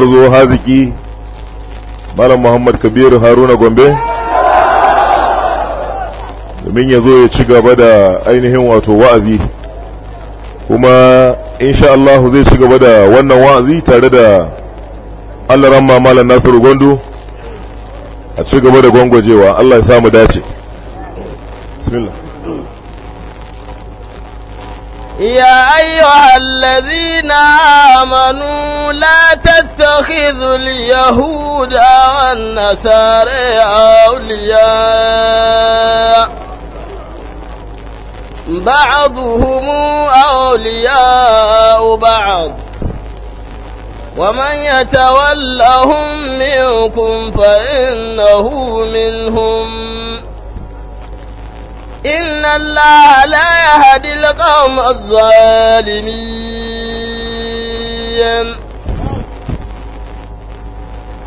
zo haziki malam muhammad kabiru haruna gombe domin ya zo ya ci gaba da ainihin wato wa'azi kuma insha Allah zai ci gaba da wannan wa'azi tare da Allah ramma malam nasiru gondo a ci gaba da gwangwajewa Allah ya samu dace bismillah يا أيها الذين آمنوا لا تتخذوا اليهود والنصارى أولياء بعضهم أولياء بعض ومن يتولهم منكم فإنه منهم إن الله لا يهدي القوم الظالمين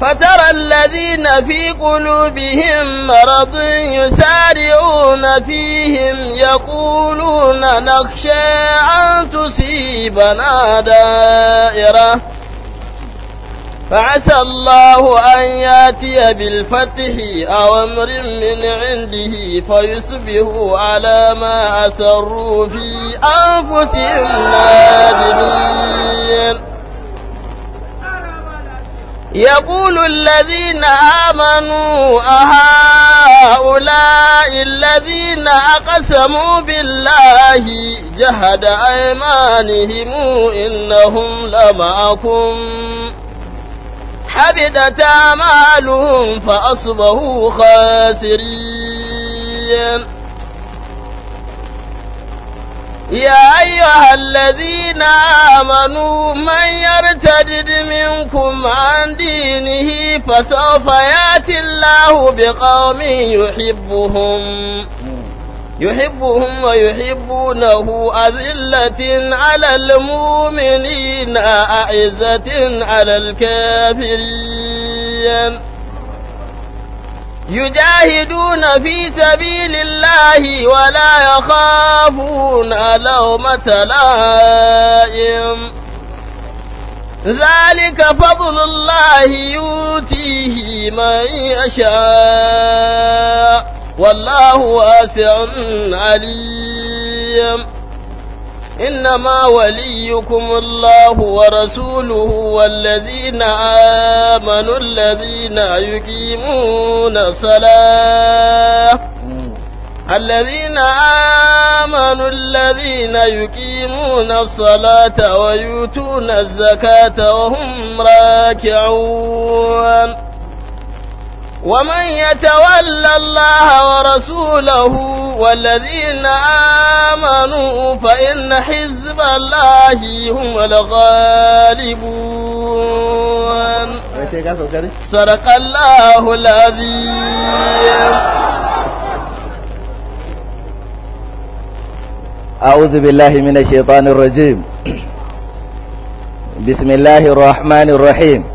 فترى الذين في قلوبهم مرض يسارعون فيهم يقولون نخشى أن تصيبنا دائرة فعسى الله أن ياتي بالفتح أو أمر من عنده فيصبحوا على ما أسروا في أنفسهم نادمين يقول الذين آمنوا أهؤلاء الذين أقسموا بالله جهد أيمانهم إنهم لمعكم حبدت أعمالهم فأصبحوا خاسرين يا أيها الذين آمنوا من يرتد منكم عن دينه فسوف يأتي الله بقوم يحبهم يحبهم ويحبونه أذلة على المؤمنين أعزة على الكافرين يجاهدون في سبيل الله ولا يخافون لومة لائم ذلك فضل الله يؤتيه من يشاء والله واسع عليم إنما وليكم الله ورسوله والذين آمنوا الذين يقيمون الصلاة الذين آمنوا الذين يقيمون الصلاة ويؤتون الزكاة وهم راكعون ومن يتول الله ورسوله والذين آمنوا فإن حزب الله هم الغالبون صدق الله العظيم أعوذ بالله من الشيطان الرجيم بسم الله الرحمن الرحيم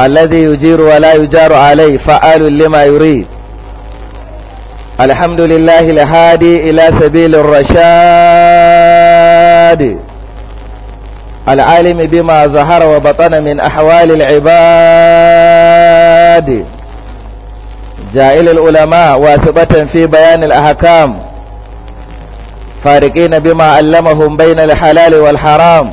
الذي يجير ولا يجار عليه فعال لما يريد الحمد لله الهادي إلى سبيل الرشاد العالم بما ظهر وبطن من أحوال العباد جائل العلماء واثبة في بيان الأحكام فارقين بما علمهم بين الحلال والحرام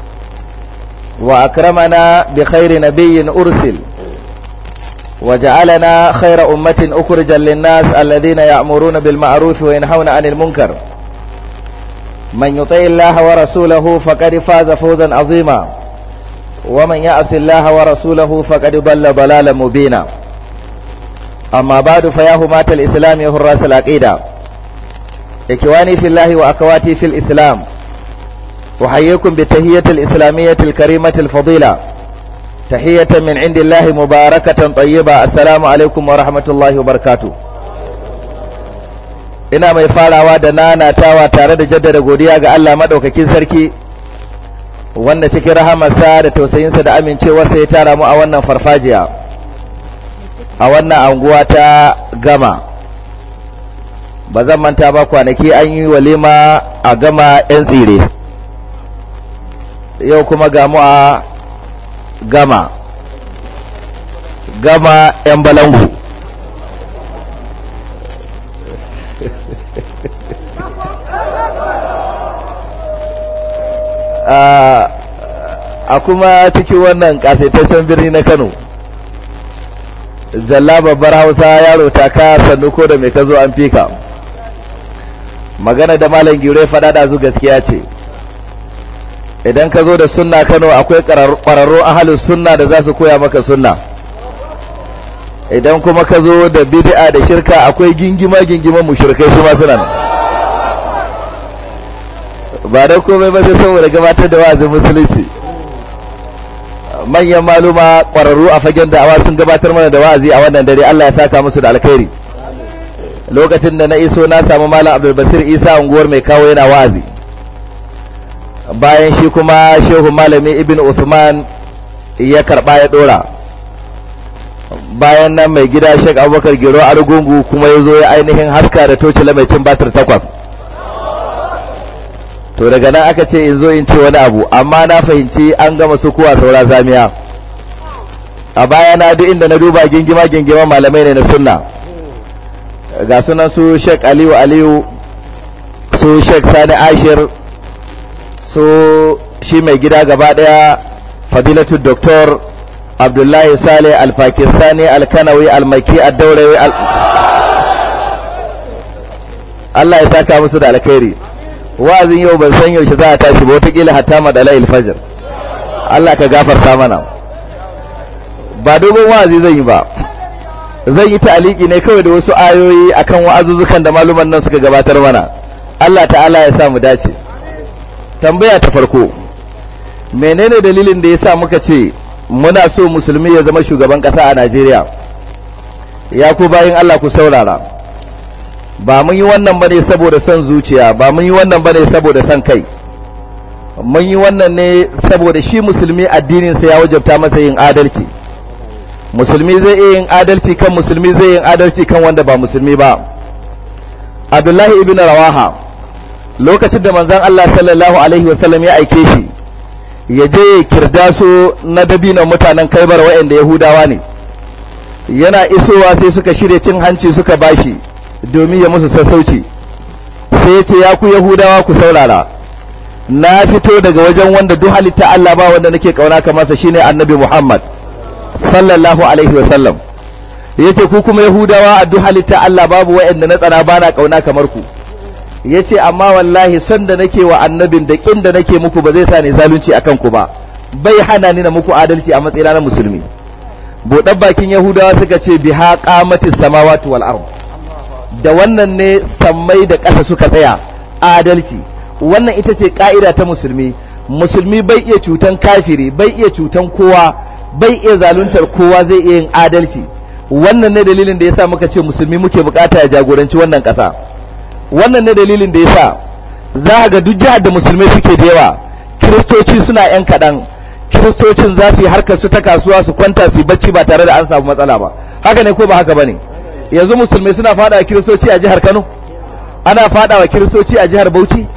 وأكرمنا بخير نبي أرسل وجعلنا خير أمة أخرجا للناس الذين يأمرون بالمعروف وينهون عن المنكر من يطع الله ورسوله فقد فاز فوزا عظيما ومن يعص الله ورسوله فقد ضل ضلالا مبينا أما بعد فيا هماة الإسلام يهراس العقيدة إخواني في الله وأخواتي في الإسلام أحييكم بتهية الإسلامية الكريمة الفضيلة تحية من عند الله مباركة طيبة السلام عليكم ورحمة الله وبركاته ina mai farawa da nanatawa tare da jaddada godiya ga Allah madaukakin sarki wanda cikin rahamarsa da tausayinsa da amincewarsa ya tara mu a wannan farfajiya a wannan anguwa ta gama ba zan manta ba kwanaki an yi walima a gama 'yan tsire yau kuma gamu a gama gama 'yan balangu a kuma cikin wannan kasaitaccen birni na kano zalla babbar hausa yaro ta ka sannu ko da mai ka zo an fika magana da malam gire fada da gaskiya ce idan ka zo da sunna Kano akwai ƙwararru ahalin sunna da za su koya maka sunna idan kuma ka zo da bid'a da shirka akwai gingima gingiman mushrikai su ma suna ba da komai ba sai saboda gabatar da wa'azin musulunci manyan maluma ƙwararru a fagen da awa sun gabatar mana da wa'azi a wannan dare Allah ya saka musu da alkhairi lokacin da na iso na samu malam Abdul Basir Isa unguwar mai kawo yana wa'azi bayan shi kuma shehu malami ibn usman ya karba ya dora bayan nan mai gida shek Abubakar Giro Argungu kuma ya zo ya ainihin haska da toci lamai cin batir takwas to daga nan aka ce in zo in ce wani abu amma na fahimci an gama su kuwa saura zamiya a baya na duk inda na duba gingima gingima malamai ne na sunna ga sunan su shek Aliyu Aliyu su shek Sani Ashir so shi mai gida gaba daya fadilatu doktor abdullahi saleh al-pakistani al-kanawi al-maki al-daurawi al Allah ya saka musu da alkhairi wa'azin yau ban san yaushe za a tashi ba wataƙila hatta madala al Allah ka gafarta mana ba dogon wa'azi zan yi ba zan yi ta'aliki ne kawai da wasu ayoyi akan wa'azuzukan da maluman nan suka gabatar mana Allah ta'ala ya sa mu dace tambaya ta farko menene dalilin da ya sa muka ce muna so musulmi ya zama shugaban kasa a Najeriya ya ku bayin Allah ku saurara ba mun yi wannan bane saboda son zuciya ba mun yi wannan bane saboda son kai mun yi wannan ne saboda shi musulmi addininsa ya wajabta masa yin adalci musulmi zai iya yin adalci kan musulmi zai yin adalci kan wanda ba musulmi ba abdullahi ibn rawaha lokacin da manzan Allah sallallahu alaihi wasallam ya aike shi ya je kirda su na dabinan mutanen kaibar waɗanda yahudawa ne yana isowa sai suka shirya cin hanci suka ba shi domin ya musu sassauci sai ya ce ya ku yahudawa ku saurara na fito daga wajen wanda duk halitta Allah ba wanda nake kauna kamar sa shine annabi Muhammad sallallahu alaihi wasallam yace ku kuma yahudawa a duk halitta Allah babu waɗanda na tsana bana kauna kamar ku ya ce amma wallahi son da nake wa annabin da ƙin da nake muku ba zai sa ni zalunci akan ku ba bai hana ni na muku adalci a matsayina na musulmi buɗar bakin yahudawa suka ce biha qamati samawati wal da wannan ne sammai da ƙasa suka tsaya adalci wannan ita ce ka'ida ta musulmi musulmi bai iya cutan kafiri bai iya cutan kowa bai iya zaluntar kowa zai iya yin adalci wannan ne dalilin da yasa muka ce musulmi muke bukata ya jagoranci wannan ƙasa wannan ne dalilin da ya sa za ga duk jihar da musulmai suke da yawa kiristoci suna 'yan kaɗan kiristocin za su yi harkar su ta kasuwa su kwanta su yi bacci ba tare da an samu matsala ba haka ne ko ba haka ba ne yanzu musulmai suna fada wa kiristoci a jihar kano ana fada wa kiristoci a jihar bauchi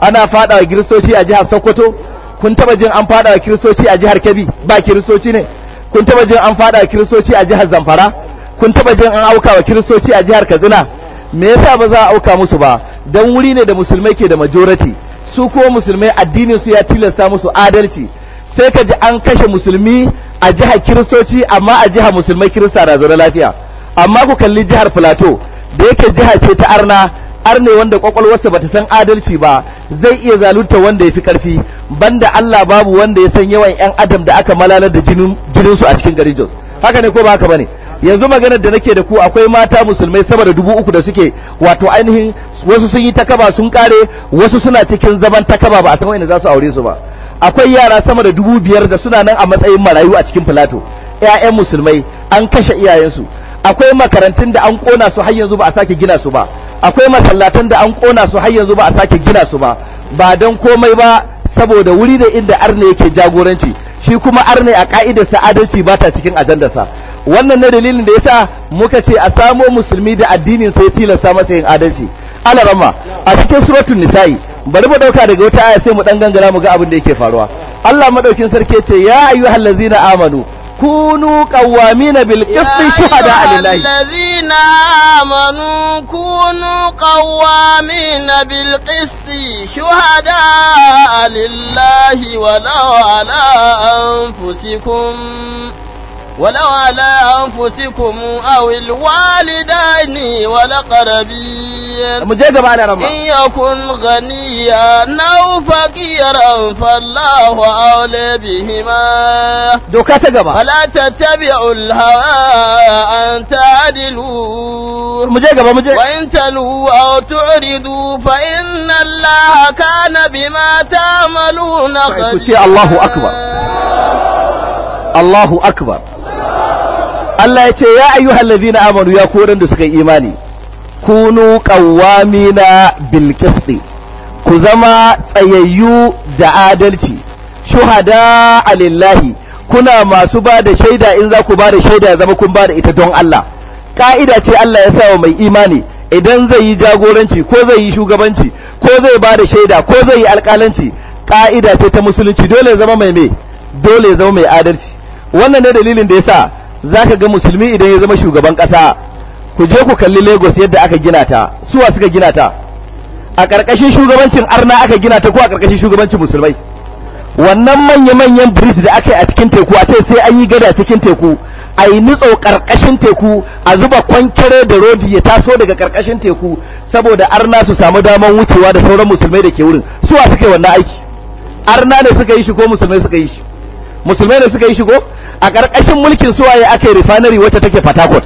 ana fada wa kiristoci a jihar sokoto kun taba jin an fada wa kiristoci a jihar kebbi ba kiristoci ne kun taba jin an fada wa kiristoci a jihar zamfara kun taba jin an auka wa kiristoci a jihar katsina me yasa ba za a auka musu ba dan wuri ne da musulmai ke da majority su ko musulmai addinin su ya tilasta musu adalci sai ka ji an kashe musulmi a jihar kiristoci amma a jihar musulmai kirista na zaune lafiya amma ku kalli jihar plateau da yake jiha ce ta arna arne wanda kwakwalwarsa bata san adalci ba zai iya zalunta wanda ya fi karfi banda Allah babu wanda ya san yawan yan adam da aka malalar da jinin su a cikin garin Jos haka ne ko ba haka bane yanzu maganar da nake da ku akwai mata musulmai sama da dubu uku da suke wato ainihin wasu sun yi takaba sun kare wasu suna cikin zaman takaba ba a san wani za su aure su ba akwai yara sama da dubu biyar da suna nan a matsayin marayu a cikin filato ƴaƴan musulmai an kashe iyayensu akwai makarantun da an kona su har yanzu ba a sake gina su ba akwai masallatan da an kona su har yanzu ba a sake gina su ba ba don komai ba saboda wuri da inda arne yake jagoranci shi kuma arne a sa adalci ba ta cikin ajandarsa wannan na dalilin da yasa muka ce a samo musulmi da addinin sai tilasta masa yin adalci alarama a cikin suratul nisa'i bari mu dauka daga wata aya sai mu dan gangara mu ga abin da yake faruwa Allah madaukin sarki yace ya ayyuhal ladzina amanu كونوا قوامين shuhada شهداء لله الذين آمنوا كونوا قوامين shuhada شهداء لله ولو على anfusikum ولو على أنفسكم أو الوالدين والأقربين إن يكن غنيا أو فقيرا فالله أولى بهما فلا تتبعوا الهوى أن تعدلوا وإن تلوا أو تعرضوا فإن الله كان بما تعملون خبيرا الله أكبر الله أكبر Allah ya ce ya ayyu hallazi na amanu ya ku da suka yi imani kunu qawwamina na qisti ku zama tsayayyu da adalci shuhada alillahi kuna masu ba da shaida in za ku ba da shaida zama kun ba da ita don Allah ka'ida ce Allah ya sa wa mai imani idan zai yi jagoranci ko zai yi shugabanci ko zai ba da shaida ko zai yi alƙalanci ka'ida ce ta musulunci dole zama mai me dole zama mai adalci wannan ne dalilin da ya sa za ka ga musulmi idan ya zama shugaban ƙasa ku je ku kalli lagos yadda aka gina ta suwa suka gina ta a ƙarƙashin shugabancin arna aka gina ta ko a ƙarƙashin shugabancin musulmai wannan manya-manyan bridge da aka yi a cikin teku a ce sai an yi gada cikin teku a yi nitso ƙarƙashin teku a zuba kwankere da rodi ya taso daga ƙarƙashin teku saboda arna su samu daman wucewa da sauran musulmai da ke wurin suwa suka yi wannan aiki arna ne suka yi shi ko musulmai suka yi shi musulmai ne suka yi shi a ƙarƙashin mulkin suwaye aka yi refinery wacce take Port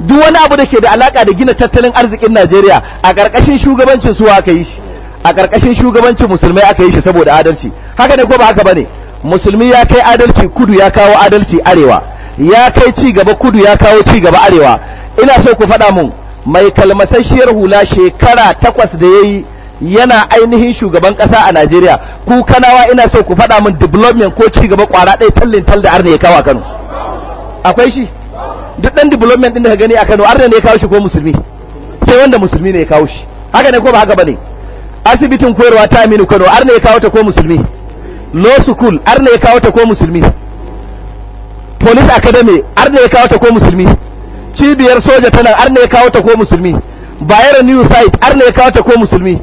duk wani abu da ke da alaka da gina tattalin arzikin Najeriya a ƙarƙashin shugabancin suwa aka yi shi a ƙarƙashin shugabancin musulmai aka yi shi saboda adalci haka ne ko ba haka bane musulmi ya kai adalci kudu ya kawo adalci arewa ya kai ci gaba kudu ya kawo ci gaba arewa ina so ku faɗa mun mai kalmasasshiyar hula shekara takwas da yayi yana ainihin shugaban kasa a Najeriya ku kanawa ina so ku faɗa min development ko ci gaba kwara ɗaya tallin tal da arne ya kawo a Kano akwai shi duk dan development din da ka gani a Kano arne ne ya kawo shi ko musulmi sai wanda musulmi ne ya kawo shi haka ne ko ba haka bane asibitin koyarwa ta Aminu Kano arne ya kawo ta ko musulmi law school arne ya kawo ta ko musulmi police academy arne ya kawo ta ko musulmi cibiyar soja ta nan arne ya kawo ta ko musulmi bayero new site arne ya kawo ta ko musulmi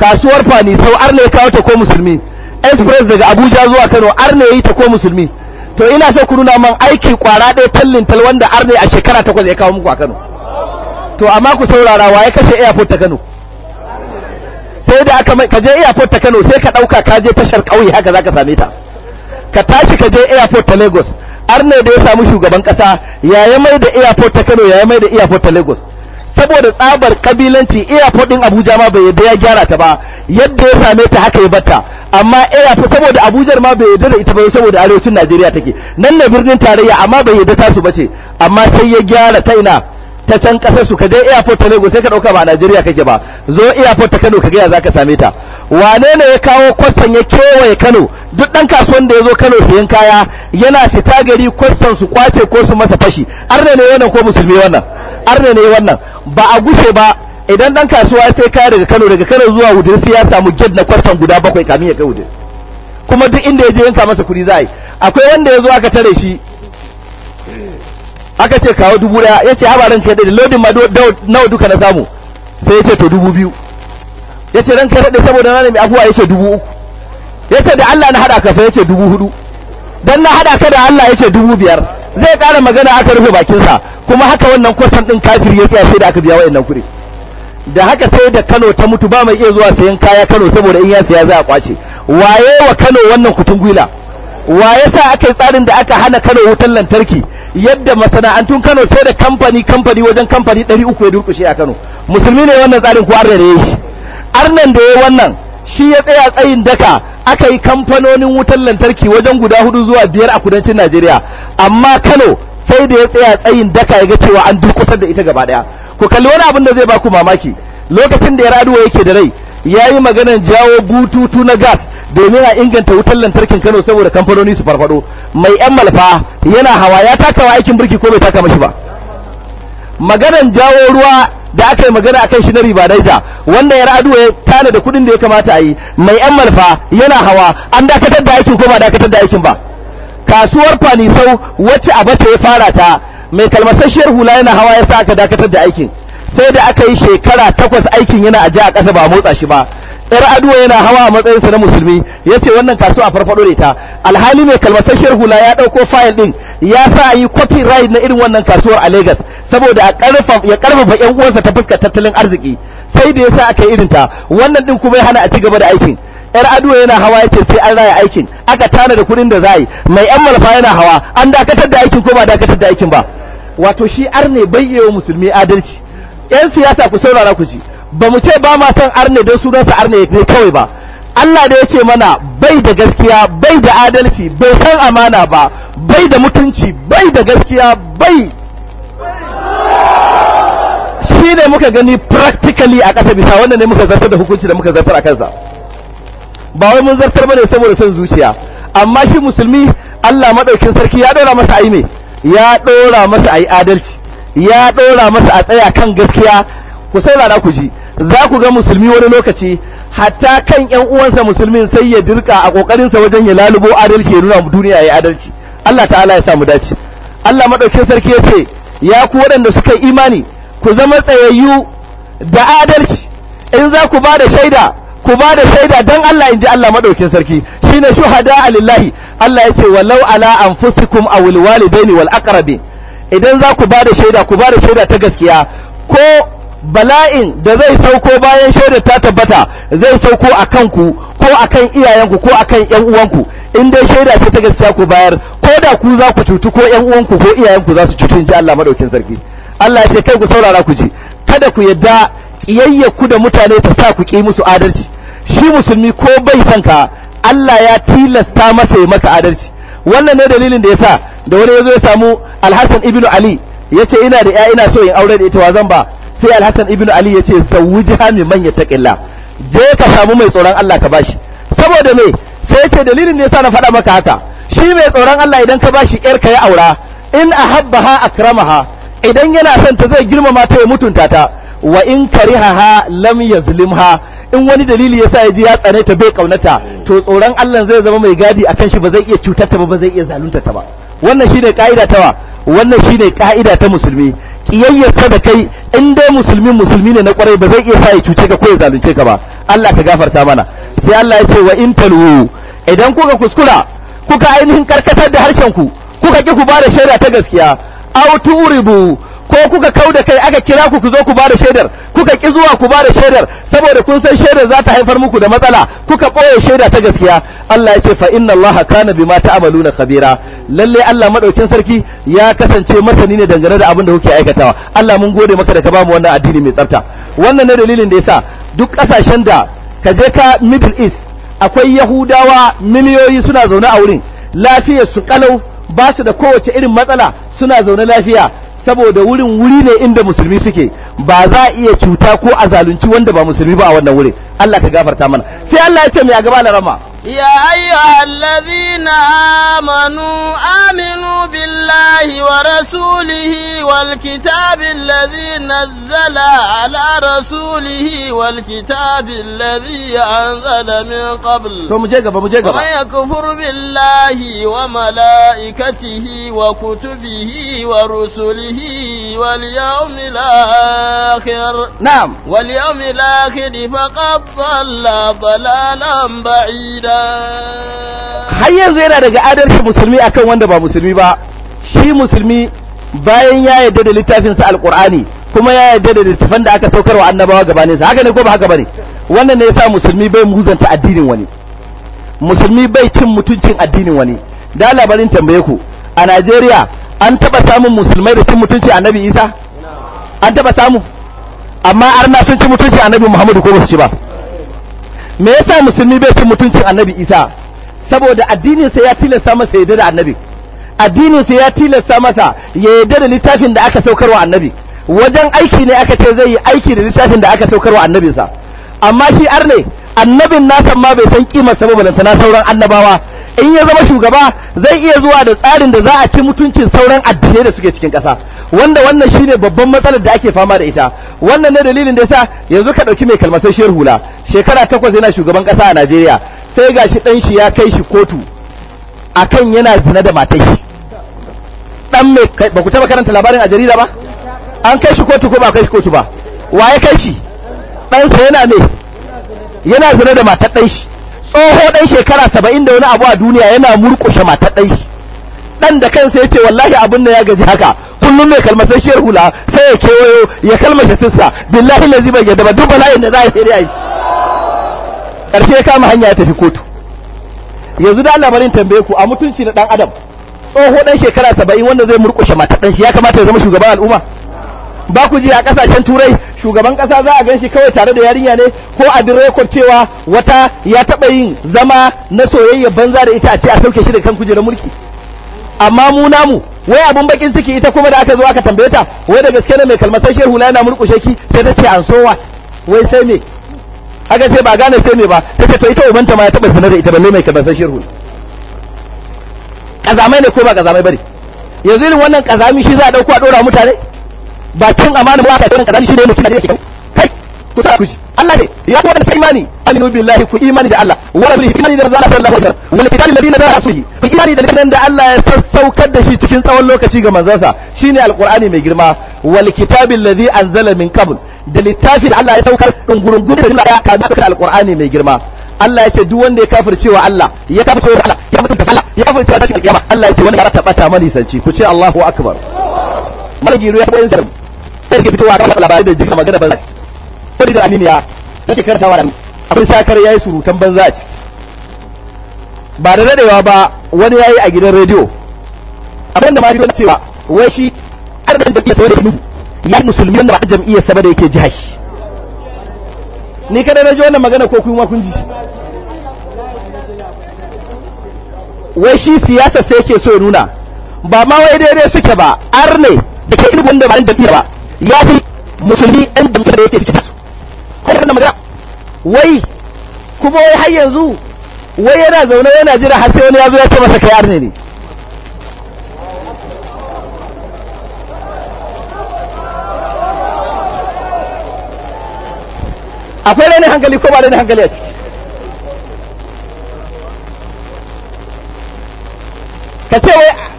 kasuwar fani sau arne kawo ta ko musulmi express daga abuja zuwa kano arne yi ta ko musulmi to ina so ku nuna man aiki kwara ɗaya tallin wanda arne a shekara takwas ya kawo muku a kano to amma ku saurara wa ya kashe airport ta kano sai da aka ka je airport ta kano sai ka ɗauka ka je tashar ƙauye haka za ka same ta ka tashi ka je airport ta lagos arne da ya samu shugaban ƙasa ya mai da airport ta kano ya mai da airport ta lagos saboda tsabar kabilanci airport din Abuja ma bai yadda ya gyara ta ba yadda ya same ta haka ya bata amma airport saboda Abuja ma bai yadda da ita ba saboda arewacin Najeriya take nan ne birnin tarayya amma bai yadda ta su bace amma sai ya gyara ta ina ta can kasar su kaje airport ta Lagos sai ka dauka ba Najeriya kake ba zo airport ta Kano kaga ya zaka same ta wane ne ya kawo kwastan ya kewaye Kano duk dan kasuwan da ya zo Kano sayan kaya yana fita gari kwastan su kwace ko su masa fashi arne ne wannan ko musulmi wannan arne ne wannan ba a gushe ba idan dan kasuwa sai kaya daga Kano daga Kano zuwa Wudin sai ya samu gate na kwartan guda bakwai kamin ya kai Wudin kuma duk inda ya je yanka masa kuɗi za a yi akwai wanda ya zo aka tare shi aka ce kawo dubu daya ya ce haba kai da loading ma nawa duka na samu sai ya ce to dubu biyu ya ce ranka da saboda na mai abuwa ya ce dubu uku ya ce da Allah na haɗa ka fa ya ce dubu hudu don na haɗa ka da Allah ya ce dubu biyar zai ƙara magana aka rufe bakinsa kuma haka wannan kwasan ɗin kafir ya tsaya da aka biya wayannan kuɗi da haka sai da Kano ta mutu ba mai iya zuwa sayan kaya Kano saboda in ya saya za a kwace waye wa Kano wannan gwila waye sa aka yi tsarin da aka hana Kano wutan lantarki yadda masana'antun Kano sai da kamfani kamfani wajen kamfani ɗari uku ya durkushe a Kano musulmi ne wannan tsarin ko arna ya shi arnan da ya wannan shi ya tsaya tsayin daka aka yi kamfanonin wutan lantarki wajen guda hudu zuwa biyar a kudancin Najeriya amma Kano sai da ya tsaya tsayin daka ya ga cewa an durkusar da ita gaba daya ku kalli wani abin da zai baku mamaki lokacin da ya raduwa yake da rai ya yi maganan jawo bututu na gas domin a inganta wutar lantarkin kano saboda kamfanoni su farfado mai yan malfa yana hawa ya taka wa aikin birki ko bai taka mashi ba maganan jawo ruwa da aka yi magana akan shi na ribadaita wanda ya raduwa ya tana da kudin da ya kamata a yi mai yan malfa yana hawa an dakatar da aikin ko ba dakatar da aikin ba kasuwar fanisau wacce a bace ya fara ta mai kalmasasshiyar hula yana hawa ya sa aka dakatar da aikin sai da aka yi shekara takwas aikin yana a ji a ƙasa ba motsa shi ba yar aduwa yana hawa a matsayinsa na musulmi ya ce wannan kasuwa a farfaɗo da ita alhali mai kalmasasshiyar hula ya ɗauko fayil ɗin ya sa a yi copyright na irin wannan kasuwar a Legas saboda ya ƙarfafa 'yan uwansa ta fuskar tattalin arziki sai da ya sa aka yi ta wannan ɗin kuma ya hana a ci gaba da aikin yar ado yana hawa yace sai an raya aikin aka tana da kudin da za yi mai yan malfa yana hawa an dakatar da aikin ko ba dakatar da aikin ba wato shi arne bayyewa musulmi adalci yan siyasa ku saurara ku ji ba mu ce ba ma san arne don sa arne ne kawai ba Allah da yake mana bai da gaskiya bai da adalci bai san amana ba bai da mutunci bai da gaskiya bai shi ne muka gani practically a ƙasa bisa wannan ne muka zartar da hukunci da muka zartar a kansa ba wai mun zartar bane saboda son zuciya amma shi musulmi Allah madaukin sarki ya dora masa ayi me ya dora masa ai adalci ya dora masa a tsaya kan gaskiya ku saurara ku ji za ku ga musulmi wani lokaci hatta kan ƴan uwansa musulmin sai ya dirka a kokarin sa wajen ya lalubo adalci ya nuna mu duniya yayi adalci Allah ta'ala ya sa mu dace Allah madaukin sarki ya ce ya ku waɗanda suka imani ku zama tsayayyu da adalci in za ku ba da shaida ku ba da shaida dan Allah inji Allah madaukin sarki ne shuhada lillahi Allah yace walau ala anfusikum aw alwalidaini wal aqrabi idan za ku ba da shaida ku ba da shaida ta gaskiya ko bala'in da zai sauko bayan shaida ta tabbata zai sauko a kanku ko akan iyayenku ko akan yan uwanku in dai shaida ce ta gaskiya ku bayar ko da ku za ku cutu ko yan uwanku ko iyayenku za su cutu inji Allah madaukin sarki Allah ya ce kai ku saurara ku ji kada ku yadda kiyayya ku da mutane ta sa ku ki musu adalci shi musulmi ko bai san ka Allah ya tilasta masa ya maka adalci wannan ne dalilin da yasa da wani yazo ya samu Al-Hasan ibn Ali yace ina da ya ina so in aure da ita wazan ba sai Al-Hasan ibn Ali yace zawwija min man yattaqilla je ka samu mai tsoron Allah ka bashi saboda me sai yace dalilin da yasa na faɗa maka haka shi mai tsoron Allah idan ka bashi yar ka ya aura in ahabbaha akramaha idan yana son ta zai girmama ta ya mutunta ta wa in kariha lam yazlimha in wani dalili ya sa ya ji ya tsane ta bai kaunata to tsoron Allah zai zama mai gadi akan shi ba zai iya cutar ta ba ba zai iya zalunta ta ba wannan shine kaida wa wannan shine kaida ta musulmi kiyayyarsa da kai in dai musulmi musulmi ne na kwarai ba zai iya sa ya cuce ka ko ya zalunce ka ba Allah ka gafarta mana sai Allah ya ce wa in talu idan kuka kuskura kuka ainihin karkatar da harshen ku kuka ki ku bada da shaida ta gaskiya aw turibu ko kuka kau da kai aka kira ku ku zo ku bada shaidar kuka ki zuwa ku bada shaidar saboda kun san shaidar za ta haifar muku da matsala kuka ɓoye shaida ta gaskiya Allah ya ce fa inna Allah kana bima ta'maluna khabira lalle Allah madaukin sarki ya kasance masani ne dangane da abin da kuke aikatawa Allah mun gode maka da ka bamu wannan addini mai tsafta wannan ne dalilin da yasa duk kasashen da ka je ka Middle East akwai Yahudawa miliyoyi suna zaune a wurin lafiyar su kalau ba su da kowace irin matsala suna zaune lafiya saboda wurin wuri ne inda musulmi suke ba za a iya cuta ko a zalunci wanda ba musulmi ba a wannan wurin Allah ka gafarta mana sai Allah ya ce mai a gaba larama يا أيها الذين آمنوا آمنوا بالله ورسوله والكتاب الذي نزل على رسوله والكتاب الذي أنزل من قبل ومن يكفر بالله وملائكته وكتبه ورسله واليوم الآخر نعم واليوم الآخر فقد ضل ضلالا بعيدا har yanzu yana daga adalci musulmi akan wanda ba musulmi ba shi musulmi bayan ya yarda da littafinsa alqur'ani kuma ya yarda da littafin da aka saukar wa annabawa gabanin sa haka ne ko ba haka bane wannan ne yasa musulmi bai muzanta addinin wani musulmi bai cin mutuncin addinin wani da labarin tambaye ku a Najeriya an taba samun musulmai da cin mutunci annabi Isa an taba samu amma arna sun ci mutunci annabi Muhammadu ko ba su ci ba me yasa musulmi bai fi mutuncin annabi isa saboda addininsa ya tilasta masa yadda da annabi addinin addininsa ya tilasta masa ya yadda da littafin da aka saukarwa annabi wajen aiki ne aka ce zai yi aiki da littafin da aka saukarwa annabinsa amma shi arne annabin nasan ma bai san kimar sa ba na sauran annabawa in ya zama shugaba zai iya zuwa da tsarin da za a ci mutuncin sauran addinai da suke cikin ƙasa wanda wannan shine babban matsalar da ake fama da ita wannan ne dalilin da yasa yanzu ka dauki mai kalmasar shehu hula shekara takwas yana shugaban kasa a Najeriya sai gashi dan shi ya kai shi kotu akan yana zina da matar shi dan mai ba ku taba karanta labarin a jarida ba an kai shi kotu ko ba kai shi kotu ba waye kai shi dan sa yana ne yana zina da matar dan shi tsoho dan shekara 70 da wani abu a duniya yana murkushe matar dan shi dan da kansa ya ce wallahi abin da ya gaji haka kullum mai kalmasar shiyar hula sai ya kewayo ya kalmashe sissa billahi na zibar yadda ba duk bala'in da za a yi sai karshe ya kama hanya ya tafi kotu yanzu da labarin barin tambaye ku a mutunci na dan adam tsoho dan shekara saba'in wanda zai murkushe dan shi ya kamata ya zama shugaban al'umma ba ku ji a kasashen turai shugaban ƙasa za a ganshi kawai tare da yarinya ne ko a bin rekod cewa wata ya taɓa yin zama na soyayya banza da ita a ce a sauke shi da kan kujerar mulki amma mu namu wai abun bakin ciki ita kuma da aka zo aka tambaye ta wai da gaske ne mai kalmatar shehu na yana murkushe ki sai ta ce an so wa wai sai me aka ce ba gane sai me ba ta ce to ita ta ma ya taba zina da ita balle mai kalmatar shehu kazamai ne ko ba kazamai bane yanzu irin wannan kazami shi za a dauko a dora mutane ba cin amana ba ta dauka kazami shi ne mutum da yake kai ku sa ku ji Allah ne ya ko da imani aminu billahi ku imani da Allah wala bi hikmani da Allah sallallahu wal kitab alladhi nazala da littafin da Allah ya saukar da shi cikin tsawon lokaci ga manzansa shine alqur'ani mai girma wal kitab alladhi anzala min qabl da littafin Allah ya saukar dungurungun da Allah ya kaga alqur'ani mai girma Allah ya ce duk wanda ya kafirce Allah ya kafirce Allah ya Allah ya Allah ya ce ya sanci ku ce Allahu akbar malagi ruwa bayan zarm sai ke fitowa ga labarai da jika magana ko da take akwai sakar ya yi surutan banza a ciki ba da daɗewa ba wani ya yi a gidan rediyo abin da ma rediyo cewa wai shi arzikin da sa wanda ya ya yi musulmi yadda ba jam'iyyar sa ba da yake jihar shi ni kada na ji wannan magana ko kuma kun ji wai shi siyasa sai yake so nuna ba ma wai daidai suke ba ne da ke ilimin da ba jam'iyya ba ya fi musulmi ɗan jam'iyyar da yake cikin su kai da magana wai kuma wai har yanzu wai yana zaune yana jira har sai wani ya zo ya ce masa kai arne ne akwai rani hankali ko ba rani hankali a ciki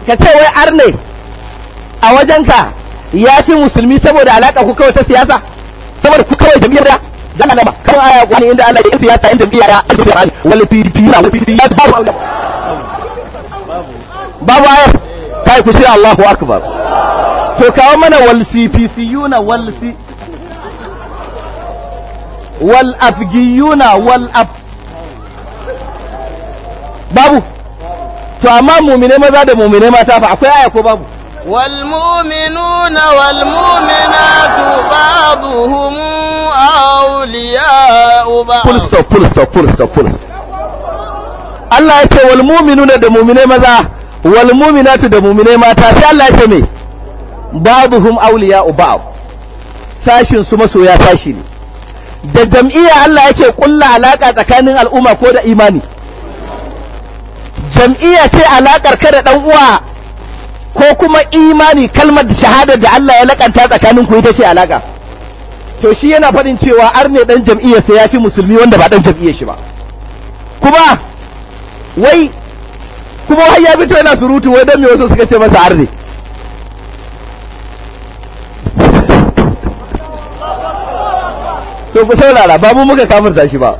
ka ce wai arne a wajenka ya fi musulmi saboda alaƙa ku kawai ta siyasa saboda ku kawai jam'iyyar da zan gaba kan aya wani inda Allah ya siyasa inda biya ya alfi da hali wal pdp na wal pdp ya babu babu aya kai ku ce Allahu akbar to kawo mana wal cpcuna wal c wal afgiyuna wal af babu to amma mumine maza da mumine mata fa akwai aya ko babu والمؤمنون والمؤمنات بعضهم أولياء بعض full stop full stop full stop full stop Allah ya ce wal mu'minuna da mu'minai maza wal mu'minatu da mu'minai mata sai Allah ya ce me babuhum awliya'u ba'd sashin su masoya sashi ne da jam'iyya Allah yake ƙulla alaka tsakanin al'umma ko da imani jam'iyya ce alakar ka da dan uwa ko kuma imani kalmar shahadar da Allah ya lakanta tsakanin ku ita ce alaka to shi yana faɗin cewa arne dan jam'iyyar sa yafi musulmi wanda ba dan jam'iyyar shi ba kuma wai kuma har ya fito yana surutu wai dan me wasu suka ce masa arne to ku saurara ba mu muka kafirta shi ba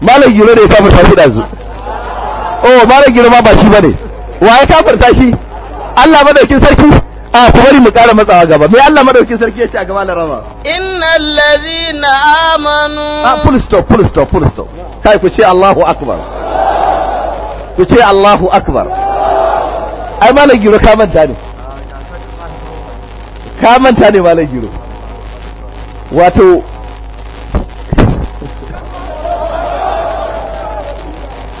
malam giro ne ya kafirta shi dazu oh malam giro ma ba shi bane wa ya kafirta shi Allah madaukin sarki a ku bari mu ƙara matsawa gaba me Allah madaukin sarki ya ce a gaba larama innal ladhina amanu a full stop full stop full stop kai ku ce Allahu akbar ku ce Allahu akbar ai malam giro ka manta ne ka manta ne malam giro wato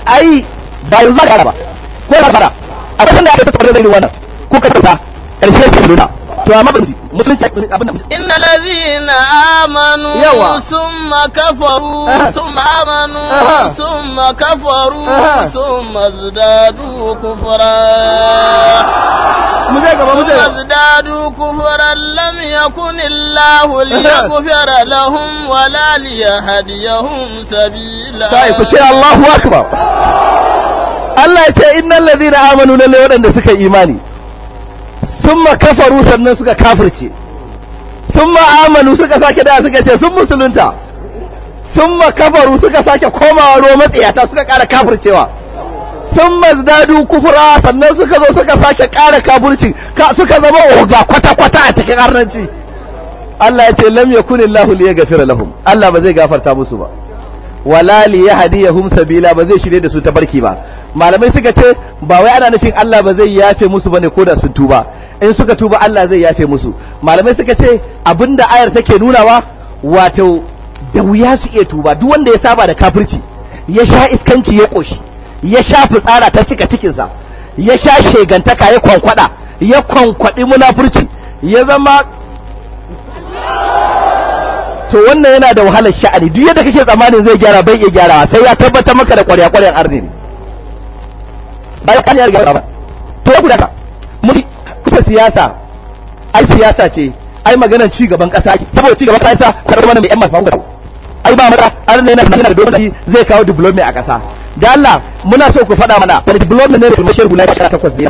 ai bai zaka ba ko ka fara a kusan da aka tafi da zai wannan ko ka tauta karshe sai nuna to amma ba musulunci abin da inna lazina amanu summa kafaru summa amanu summa kafaru summa zdadu kufra muje gaba muje zdadu kufran lam yakun illahu liyaghfira lahum wa la liyahdiyahum sabila sai ku ce Allahu akbar Allah ya ce innal ladina amanu lalle wadanda suka imani summa kafaru sannan suka kafirce summa amanu suka sake da suka ce sun musulunta summa kafaru suka sake komawa ruwa matsiyata suka kara kafircewa sun zadu kufra sannan suka zo suka sake kara kafirci suka zama oga kwata-kwata a cikin arnanci Allah ya ce lam yakunillahu liyaghfira lahum Allah ba zai gafarta musu ba wala li yahdiyahum sabila ba zai shirye da su tabarki ba malamai suka ce ba wai ana nufin Allah ba zai yafe musu bane ko da sun tuba in suka tuba Allah zai yafe musu malamai suka ce abinda ayar take nunawa wato da wuya su iya tuba duk wanda ya saba da kafirci ya sha iskanci ya koshi ya sha fitsara ta cika cikinsa ya sha shegantaka ya kwankwada ya kwankwadi munafurci ya zama to wannan yana da wahalar sha'ani duk yadda kake tsammanin zai gyara bai iya gyarawa sai ya tabbatar maka da ƙwarya kwaryan arziki ba ya kariya daga ba to ya kudaka mun kusa siyasa ai siyasa ce ai magana ci gaban kasa ake saboda ci gaban kasa ta zama mai yan masu ga ai ba mata an ne na da dole zai kawo development a kasa da Allah muna so ku faɗa mana wani development ne da kuma shehu na shekara takwas ne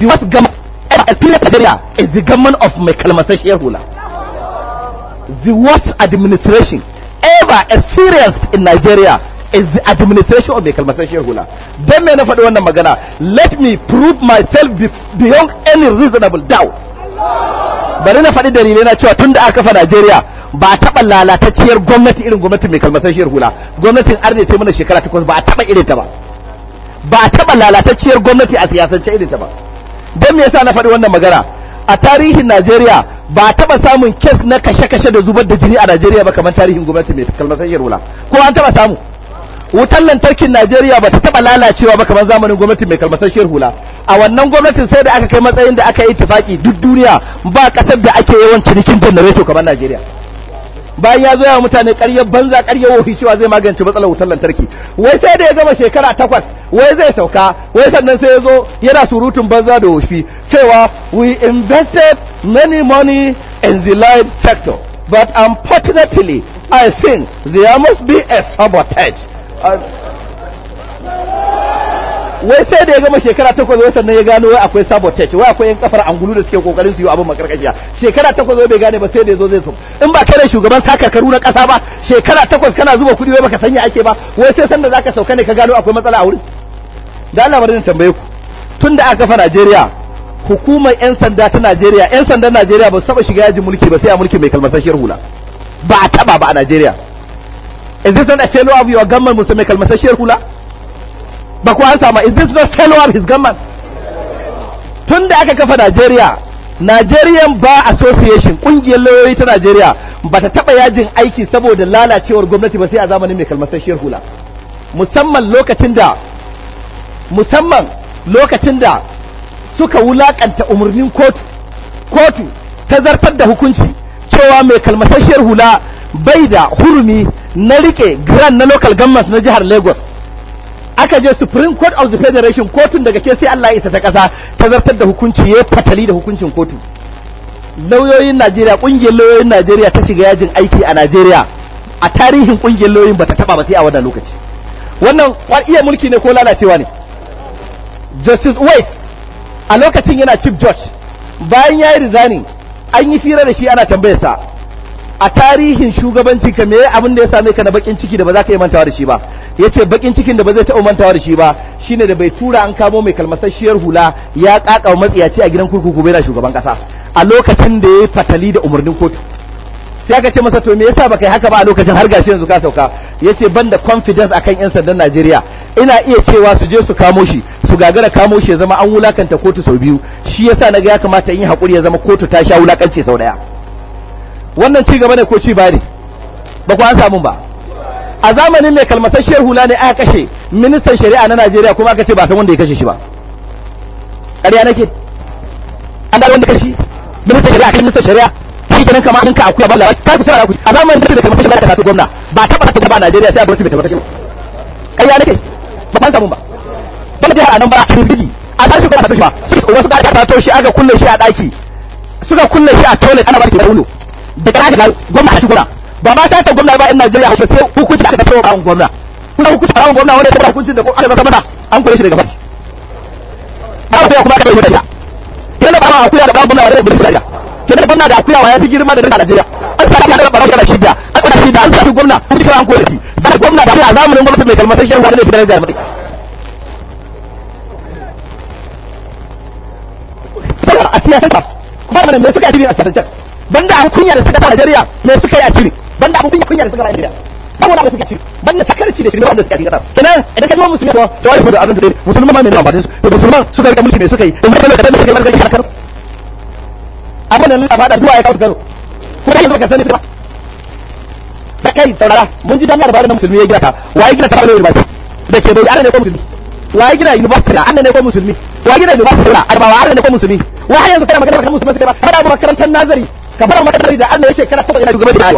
the was gam experience Nigeria is the government of my mai shehu shehula the worst administration ever experienced in Nigeria is the administration of mai kalmar hula don me na faɗi wannan magana let me prove myself beyond any reasonable doubt bari na faɗi dalilai na cewa tun da aka kafa Najeriya ba a taɓa lalatacciyar gwamnati irin gwamnatin mai kalmasasshiyar hula gwamnatin arne ta mana shekara takwas ba a taɓa irin ta ba ba a taɓa lalatacciyar gwamnati a siyasance irin ta ba don me yasa na faɗi wannan magana a tarihin Najeriya ba a taɓa samun kes na kashe-kashe da zubar da jini a Najeriya ba kamar tarihin gwamnati mai kalmasasshiyar hula ko an taɓa samu wutar lantarkin Najeriya ba ta taɓa lalacewa ba kamar zamanin gwamnatin mai kalmatar hula a wannan gwamnatin sai da aka kai matsayin da aka yi tufaki duk duniya ba kasar da ake yawan cinikin janareto kamar Najeriya bayan ya zo ya mutane ƙaryar banza ƙaryar wofi cewa zai magance matsalar wutar lantarki wai sai da ya gama shekara takwas wai zai sauka wai sannan sai ya zo yana surutun banza da wofi cewa we invested many money in the light sector but unfortunately I think there must be a sabotage wai sai da ya gama shekara takwas wai sannan ya gano wai akwai sabotage wai akwai yan kafar angulu da suke kokarin su yi abin makarkashiya shekara takwas wai bai gane ba sai da yazo zai so in ba kai shugaban sakarkaru na kasa ba shekara takwas kana zuba kudi wai baka sanya ake ba wai sai sanda zaka sauka ne ka gano akwai matsala a wurin da Allah bari tambaye ku tunda aka kafa Najeriya hukumar yan sanda ta Najeriya yan sandan Najeriya ba su taba shiga yajin mulki ba sai a mulki mai kalmasashiyar hula ba a taba ba a Najeriya Is this not a failure of your government, Mr. Mekal Masashiyar Hula? Ba ku an sama, is this not failure of his government? Tun da aka kafa Najeriya, Nigerian Bar Association, ƙungiyar lauyoyi ta Najeriya, ba ta taɓa yajin aiki saboda lalacewar gwamnati ba sai a zamanin mai kalmasasshiyar hula. Musamman lokacin da, musamman lokacin da suka wulaƙanta umarnin kotu, kotu ta zartar da hukunci cewa mai kalmasasshiyar hula bai da hurumi na rike grand na local government na jihar lagos aka je supreme court of the federation kotun daga ke sai allah isa ta kasa ta zartar da hukunci ya fatali da hukuncin kotu lauyoyin najeriya kungiyar lauyoyin najeriya ta shiga yajin aiki a najeriya a tarihin kungiyar lauyoyin ba ta taba ba sai a wannan lokaci wannan iya mulki ne ko lalacewa ne justice wait a lokacin yana chief judge bayan ya yi rizanin an yi fira da shi ana tambayarsa a tarihin shugabanci ka me abin da ya same ka na bakin ciki da ba za ka yi mantawa da shi ba Ya ce bakin cikin da ba zai taɓa mantawa da shi ba shine da bai tura an kamo mai kalmasasshiyar hula ya kakawa matsiyaci a gidan kurkuku bai na shugaban kasa a lokacin da ya fatali da umarnin kotu sai aka ce masa to me yasa baka yi haka ba a lokacin har gashi yanzu ka sauka yace ban da confidence akan yan sandan Najeriya ina iya cewa su je su kamo shi su gagara kamo shi ya zama an wulakanta kotu sau biyu shi yasa naga ya kamata in yi hakuri ya zama kotu ta sha wulakanci sau daya wannan ci gaba ne ko ci bari ba ku an samu ba a zamanin mai kalmasar shehula ne aka kashe ministan shari'a na najeriya kuma aka ce ba san wanda ya kashe shi ba ƙarya nake an da wanda kashi ministan shari'a kan ministan shari'a shi kenan kama ɗinka akwai ba lawa kai ku sai ku a zamanin da kalmasar shehula ta tafi gwamna ba ta ba ta ba najeriya sai a gwamnati mai kalmasar ƙarya nake ba ban samu ba ba ta a nan ba a turbi a tashi ko ba ta tashi ba wasu ka ta tashi aka kulle shi a ɗaki suka kulle shi a toilet ana ba ki da wulo da kara da gwamna a shugura ba ma ta ta gwamna ba in Najeriya haka sai hukunci aka tafi wa gwamna kuma hukunci a gwamna wanda ya tafi hukuncin da aka zama mata an kore shi daga fashi ba ku kuma ka bai mutaya yana ba a da ba gwamna wanda ya gudu da a gwamna da akuya wa ya fi girma da rika Najeriya an sa ka da barau da shida an kwada shida an sa gwamna an kira an kore shi da gwamna da a zamanin gwamnati mai kalmar sai shi ne fitar da jami'i a siyasar ba kuma da suka yi a siyasar banda abu kunya da suka ta Najeriya me suka yi a cire banda abu kunya kunya da suka a Najeriya saboda abu suka cire banda sakarci da shirme wanda suka cire kasar kenan idan ka ji musulmi to to wai da abin da musulmi musulma ma me ne amfanin su to musulma suka rika mulki me suka yi to suka ka da suka yi margari harkar abin da Allah fada duwa ya kawo garo ko da yanzu ka sani ba da kai saurara mun ji jami'ar bayan musulmi ya gina ta waye gina ta bayan ba da ke bai ne ko musulmi waye gina university an ne ko musulmi waye gina university an ne ko musulmi wa yanzu kana magana kan musulmi sai ba kada nazari ka bar magana da Allah yace kana tabbata ina shugabanci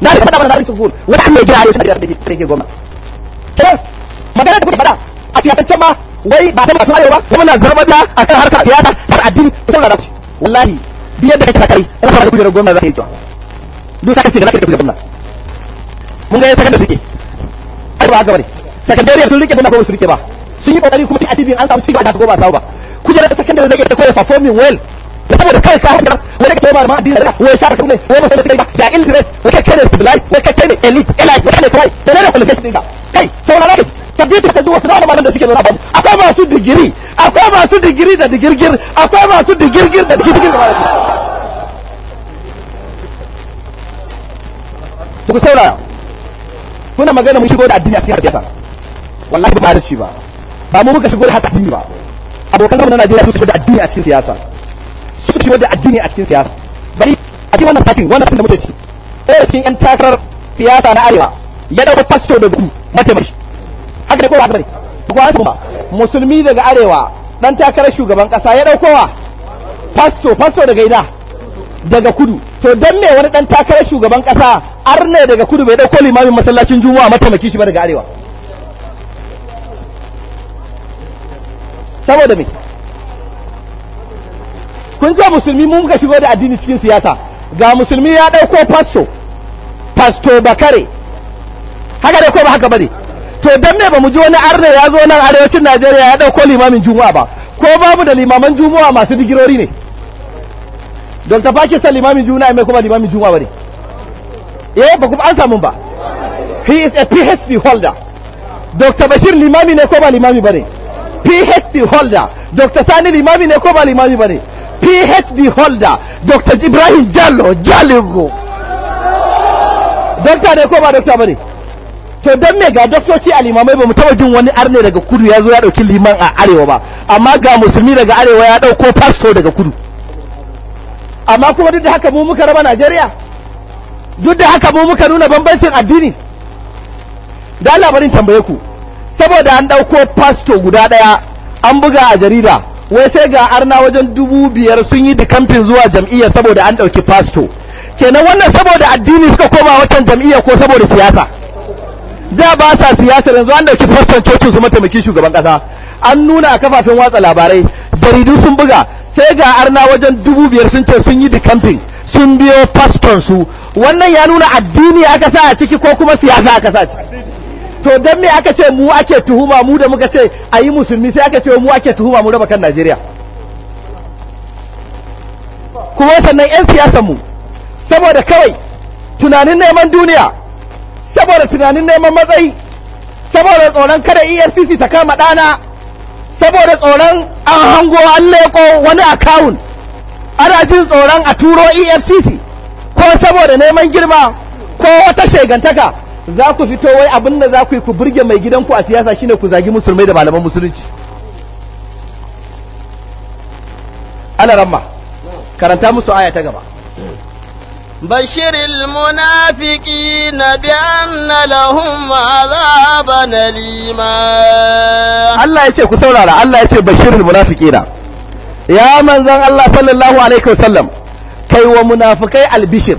na Arewa na da fada mana zarin tufun wani an mai gida Arewa sai da sai ke goma kenan magana da kuke fada a siyasance ma wai ba ta batun Arewa ba muna zarmata akan harkar siyasa har addini ku saurara ku wallahi biyar da kake kai ina fara kujerar gwamna za ka yi to duk sai kace da kake kujerar gwamna mun ga yan sakandare suke ai ba gaba ne sakandare sun rike gwamna ko su rike ba sun yi kokari kuma a tibin an samu cigaba da ko ba samu ba kujerar sakandare da ke ta koya performing well saboda kawai ka hajjara wani ka koma ma addini da wai shaka kuma wai mutum da kai ba ya ilmi ne wai kai ne civilized wai kai ne elite elite wai ne kai da ne qualification ɗinka kai saurara ne tabbata ka duwa sanar malam da suke nuna babu akwai masu digiri akwai masu digiri da digirgir akwai masu digirgir da digirgir da malam ku saurara kuna magana mun shigo da addini a cikin hadisa wallahi ba da shi ba ba mu muka shigo da haka addini ba abokan gaba na Najeriya sun shigo da addini a cikin siyasa shi da addini a cikin siyasa bari a cikin wannan satin wannan sun da muke ci ɗaya cikin yan takarar siyasa na arewa ya dauko pasto da gudu mataimaki haka da kowa haka ne kowa haka ba musulmi daga arewa ɗan takarar shugaban ƙasa ya dauko wa pasto pasto daga ina daga kudu to don me wani ɗan takarar shugaban kasa arne daga kudu bai dauko limamin masallacin juma'a mataimaki shi ba daga arewa saboda me kun ce musulmi mun muka shigo da addini cikin siyasa ga musulmi ya ɗauko fasto fasto bakare haka da ko ba haka bane to dan me ba mu ji wani arna ya zo nan arewacin Najeriya ya ɗauko limamin juma'a ba ko babu da limaman juma'a masu digirori ne don ta fake sa limamin juma'a mai kuma limamin juma'a bane eh ba ku an samu ba he is a PhD holder Dr. Bashir limami ne ko ba limami bane PhD holder Dr. Sani limami ne ko ba limami bane phd holder dr ibrahim jallo jalingo dokta ne ko ba dokta ba ne to don me ga doktoci a limamai ba mu taba jin wani arne daga kudu ya zo ya dauki liman a arewa ba amma ga musulmi daga arewa ya dauko pastor daga kudu amma kuma duk da haka mu muka raba najeriya duk da haka mu muka nuna bambancin addini da labarin tambaye ku saboda an dauko pastor guda daya an buga a jarida wai sai ga arna wajen dubu biyar sun yi dikamfin zuwa jam'iyya saboda an ɗauki fasto kenan wannan saboda addini suka koma watan jam'iyya ko saboda siyasa da ba sa siyasar yanzu an ɗauki faston cocin su mataimakin shugaban ƙasa an nuna a kafafen watsa labarai jaridu sun buga sai ga arna wajen dubu biyar sun ce sun yi dikamfin sun biyo faston su wannan ya nuna addini aka sa a ciki ko kuma siyasa aka sa a ciki to don me aka ce mu ake tuhuma mu da muka ce a yi musulmi sai aka ce mu ake tuhuma mu raba kan najeriya kuma sannan 'yan siyasan mu saboda kawai tunanin neman duniya saboda tunanin neman matsayi saboda tsoron kada efcc ta kama ɗana saboda tsoron an hango an leko wani akawun ana jin tsoron a turo efcc ko saboda neman girma ko wata shegantaka za ku fito wai abin da za ku yi ku burge mai gidanku a siyasa shine ku zagi musulmai da malaman musulunci ana ramma karanta musu aya ta gaba بشر المنافقين بأن لهم عذابا أليما الله يتي كسولا الله يتي بشر المنافقين يا من زن الله صلى الله عليه وسلم كي ومنافقي البشر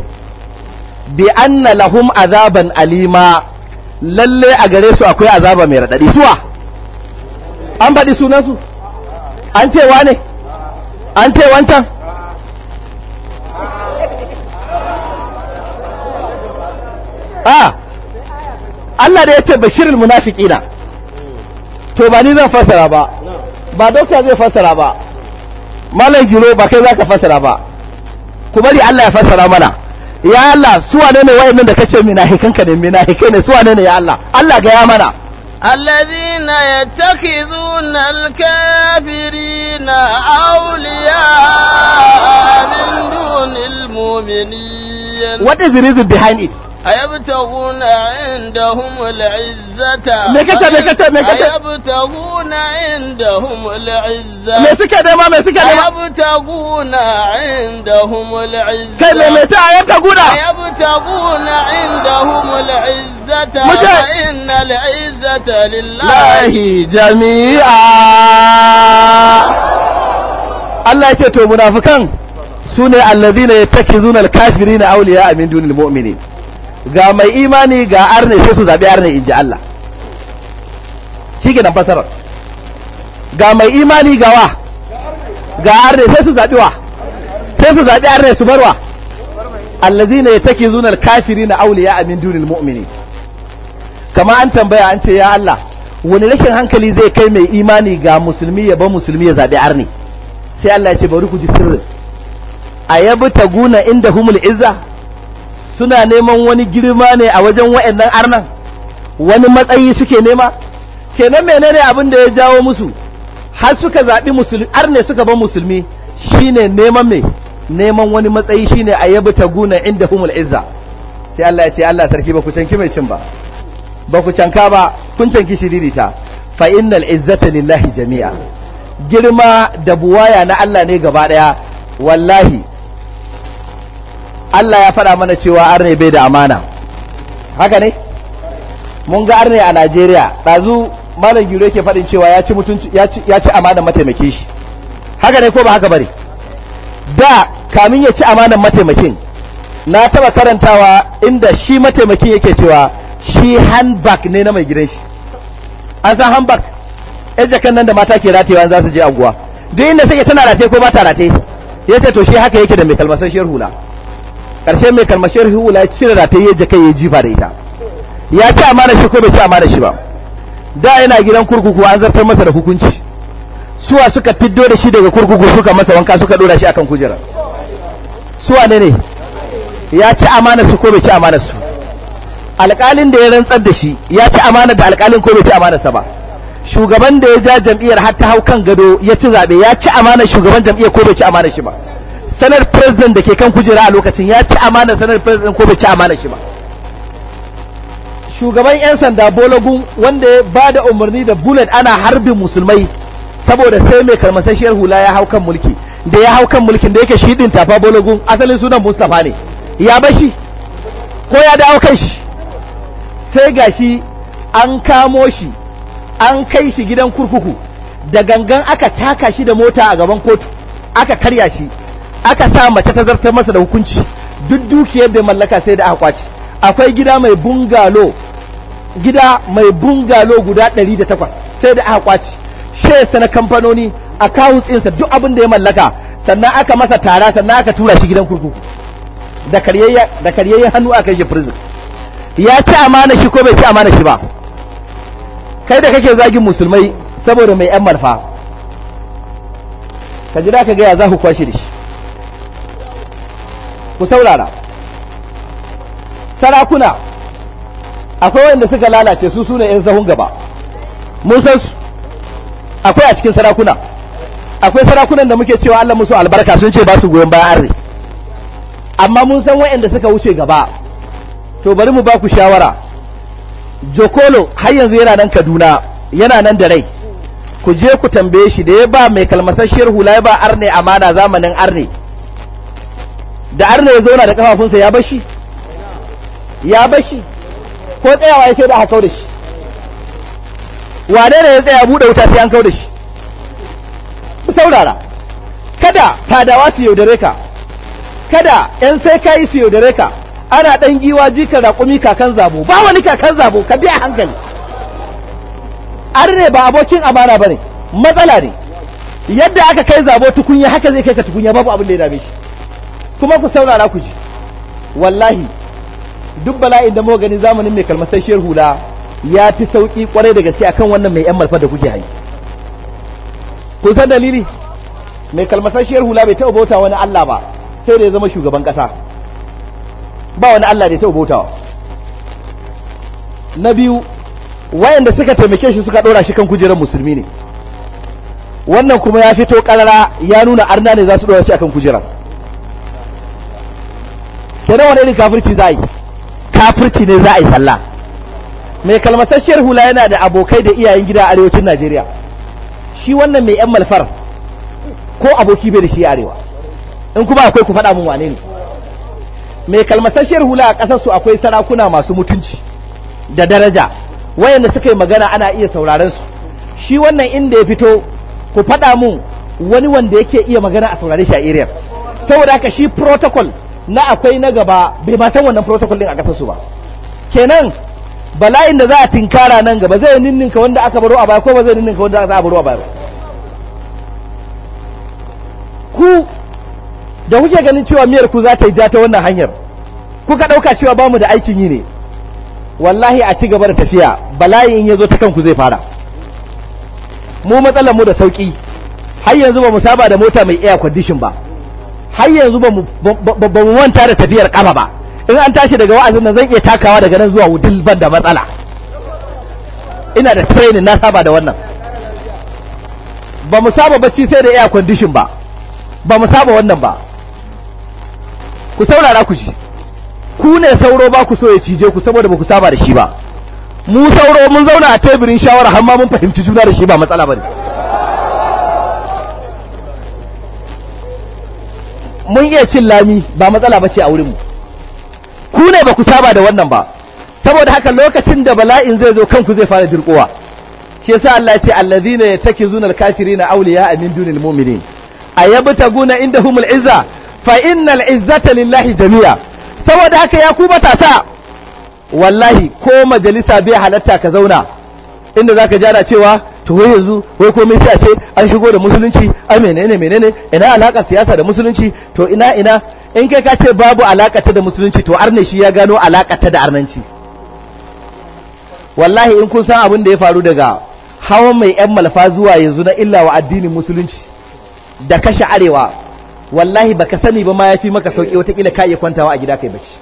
bi anna lahum azaban alima lalle a gare su akwai azaba mai radadi suwa an faɗi sunansu an ce ne an ce wancan Allah da ya ce bashirin munafiqina to ba ni zan fasara ba ba dokta zai fasara ba malam giro ba kai za ka fasara ba ku bari Allah ya fasara mana ya Allah su wane ne wa'annan da kace mina hikanka ne minahikai ne su wane ne ya Allah Allah ga ya mana الذين يتخذون الكافرين أولياء من دون المؤمنين What is the reason behind it? أيبتغون عندهم العزة ميكتا ميكتا ميكتا أيبتغون عندهم العزة ميسكا دما ميسكا دما أيبتغون عندهم العزة كلا ميتا أيبتغون أيبتغون عندهم العزة فإن العزة لله جميعا Allah ya ce to munafikan sune allazina yattakhizuna al-kafirina awliya'a min dunil mu'minin ga mai imani ga arne sai su zaɓi arne in ji Allah shi ke nan fasarar ga mai imani ga wa ga arne sai su zaɓi wa sai su zaɓi arne su barwa allazi ne ya take zunar kafiri na auliya amin dunin mu'mini kama an tambaya an ce ya Allah wani rashin hankali zai kai mai imani ga musulmi ya ba musulmi ya zaɓi arne sai Allah ya ce bari ku ji sirrin a yabi ta guna inda humul izza suna neman wani girma ne a wajen wa'annan arnan wani matsayi suke nema kenan menene abin da ya jawo musu har suka zaɓi musulmi arne suka ba musulmi shine neman me neman wani matsayi shine a yabi ta guna inda humul izza sai Allah ya ce Allah sarki ba ku canki mai cin ba ba ku canka ba kun canki shiririta fa innal izzata lillahi jami'a girma da buwaya na Allah ne gaba daya wallahi Allah ya faɗa mana cewa arne bai da amana haka ne mun ga arne a Najeriya ɗazu malam giro yake faɗin cewa ya ci mutunci ya ci amanan mataimake shi haka ne ko ba haka bare da kamin ya ci amanan mataimakin na taba karantawa inda shi mataimakin yake cewa shi handbag ne na mai gidan shi an san handbag yan jakan nan da mata ke ratewa za su je anguwa duk inda suke tana rate ko ba ta rate ya ce to shi haka yake da mai kalmasar hula karshe mai kalmashiyar hula cire da ta yi jaka ya ji da ita ya ci mana shi ko bai ci mana shi ba da yana gidan kurkuku an zartar masa da hukunci suwa suka fiddo da shi daga kurkuku suka masa wanka suka dora shi akan kujera suwa ne ne ya ci mana su ko bai ci mana su alƙalin da ya rantsar da shi ya ci mana da alƙalin ko bai ci mana sa ba shugaban da ya ja jam'iyyar har ta hau kan gado ya ci zaɓe ya ci mana shugaban jam'iyyar ko bai ci mana shi ba sanar president da ke kan kujera a lokacin ya ci amanar sanar president ko bai ci amana shi ba shugaban 'yan sanda bologun wanda ya ba da umarni da bullet ana harbin musulmai saboda sai mai karmasashiyar hula ya hau kan mulki da ya hau kan mulkin da yake shi din tafa bologun asalin sunan mustapha ne ya bashi ko ya dawo kan shi sai gashi an kamo shi an kai shi gidan kurkuku da gangan aka taka shi da mota a gaban kotu aka karya shi aka sa mace ta zartar masa da hukunci duk dukiyar da mallaka sai da aka kwace akwai gida mai bungalo gida mai bungalo guda 108 sai da aka kwace shesa na kamfanoni accounts sa duk abin da ya mallaka sannan aka masa tara sannan aka tura shi gidan kurkuku da karyayyen hannu aka yi prison ya ci amana shi ko bai ci amana shi ba kai da kake zagin musulmai saboda mai yan malfa ka ji da ka gaya za ku kwashe da shi ku saurara sarakuna akwai wanda suka lalace su sune yan zahun gaba mun su akwai a cikin sarakuna akwai sarakunan da muke cewa Allah musu albarka sun ce ba su goyon bayan arri amma mun san waɗanda suka wuce gaba to bari mu ba ku shawara jokolo har yanzu yana nan kaduna yana nan da rai ku je ku tambaye shi da ya ba mai kalmasasshiyar hula ya ba arne amana zamanin arne da arna ya zauna da kafafunsa ya bashi ya bashi ko tsayawa ya sai da aka da shi wane ne ya tsaya buɗe wuta sai an kau da shi ku saurara kada fadawa su yaudare ka kada yan sai kayi su yaudare ka ana ɗan giwa jika raƙumi kakan zabo ba wani kakan zabo ka biya hankali arne ba abokin amana ba ne matsala ne yadda aka kai zabo tukunya haka zai kai ka tukunya babu abin da ya dame shi kuma ku saurara ku ji wallahi duk bala'in da muka gani zamanin mai kalmasai shehu hula ya fi sauki kwarai da gaske akan wannan mai yan malfa da kuke hayi kun san dalili mai kalmasai shehu hula bai taɓa bauta wani Allah ba sai da ya zama shugaban ƙasa ba wani Allah da ya taɓa bautawa na biyu wayanda suka taimake shi suka ɗora shi kan kujerar musulmi ne wannan kuma ya fito ƙarara ya nuna arna ne za su ɗora shi akan kujerar kenan nawa ne kafirci za a yi kafirci ne za a yi sallah mai kalmasasshiyar hula yana da abokai da iyayen gida a arewacin najeriya shi wannan mai yan malfar ko aboki bai da shi arewa in kuma akwai ku faɗa mun wane ne mai kalmasasshiyar hula a ƙasarsu akwai sarakuna masu mutunci da daraja wayanda suka yi magana ana iya sauraron su shi wannan inda ya fito ku faɗa mun wani wanda yake iya magana a saurare shi a area saboda haka shi protocol na akwai na gaba bai ba san wannan protocol din a kasar su ba kenan bala'in da za a tinkara nan gaba zai ninninka wanda aka baro a baya ko ba zai ninninka wanda aka baro a baya ku da kuke ganin cewa miyar ku za ta yi ta wannan hanyar kuka ɗauka cewa bamu da aikin yi ne wallahi a ci gaba da tafiya bala'in in ya zo ta kanku zai fara mu matsalar mu da sauki har yanzu ba mu saba da mota mai air condition ba har yanzu ba mu manta da tafiyar kama ba in an tashi daga wa'azin nan zan iya takawa daga nan zuwa wudil ban da matsala ina da training na saba da wannan ba mu saba bacci sai da air condition ba ba mu saba wannan ba ku saurara ku ji ku ne sauro ba ku so ya cije ku saboda ba ku saba da shi ba mu sauro mun zauna a teburin shawara har ma mun fahimci juna da shi ba matsala bane mun iya cin lami ba matsala ba ce a wurinmu ku ne ba ku saba da wannan ba saboda haka lokacin da bala'in zai zo kanku zai fara dirkowa shi yasa Allah ya ce allazina yatakizuna alkafirina awliya min dunil mu'minin ayabtaguna indahumul izza fa innal izzata lillahi jami'a saboda haka ya ku matasa wallahi ko majalisa bai halatta ka zauna inda zaka ji ana cewa to wai yanzu wai komai sai a ce an shigo da musulunci ai menene menene ina alaka siyasa da musulunci to ina ina in kai ka ce babu alaka ta da musulunci to arne shi ya gano alaka ta da arnanci wallahi in kun san abin da ya faru daga hawan mai yan malfa zuwa yanzu na illa wa addinin musulunci da kashe arewa wallahi baka sani ba ma yafi maka sauki watakila ka iya kwantawa a gida kai bacci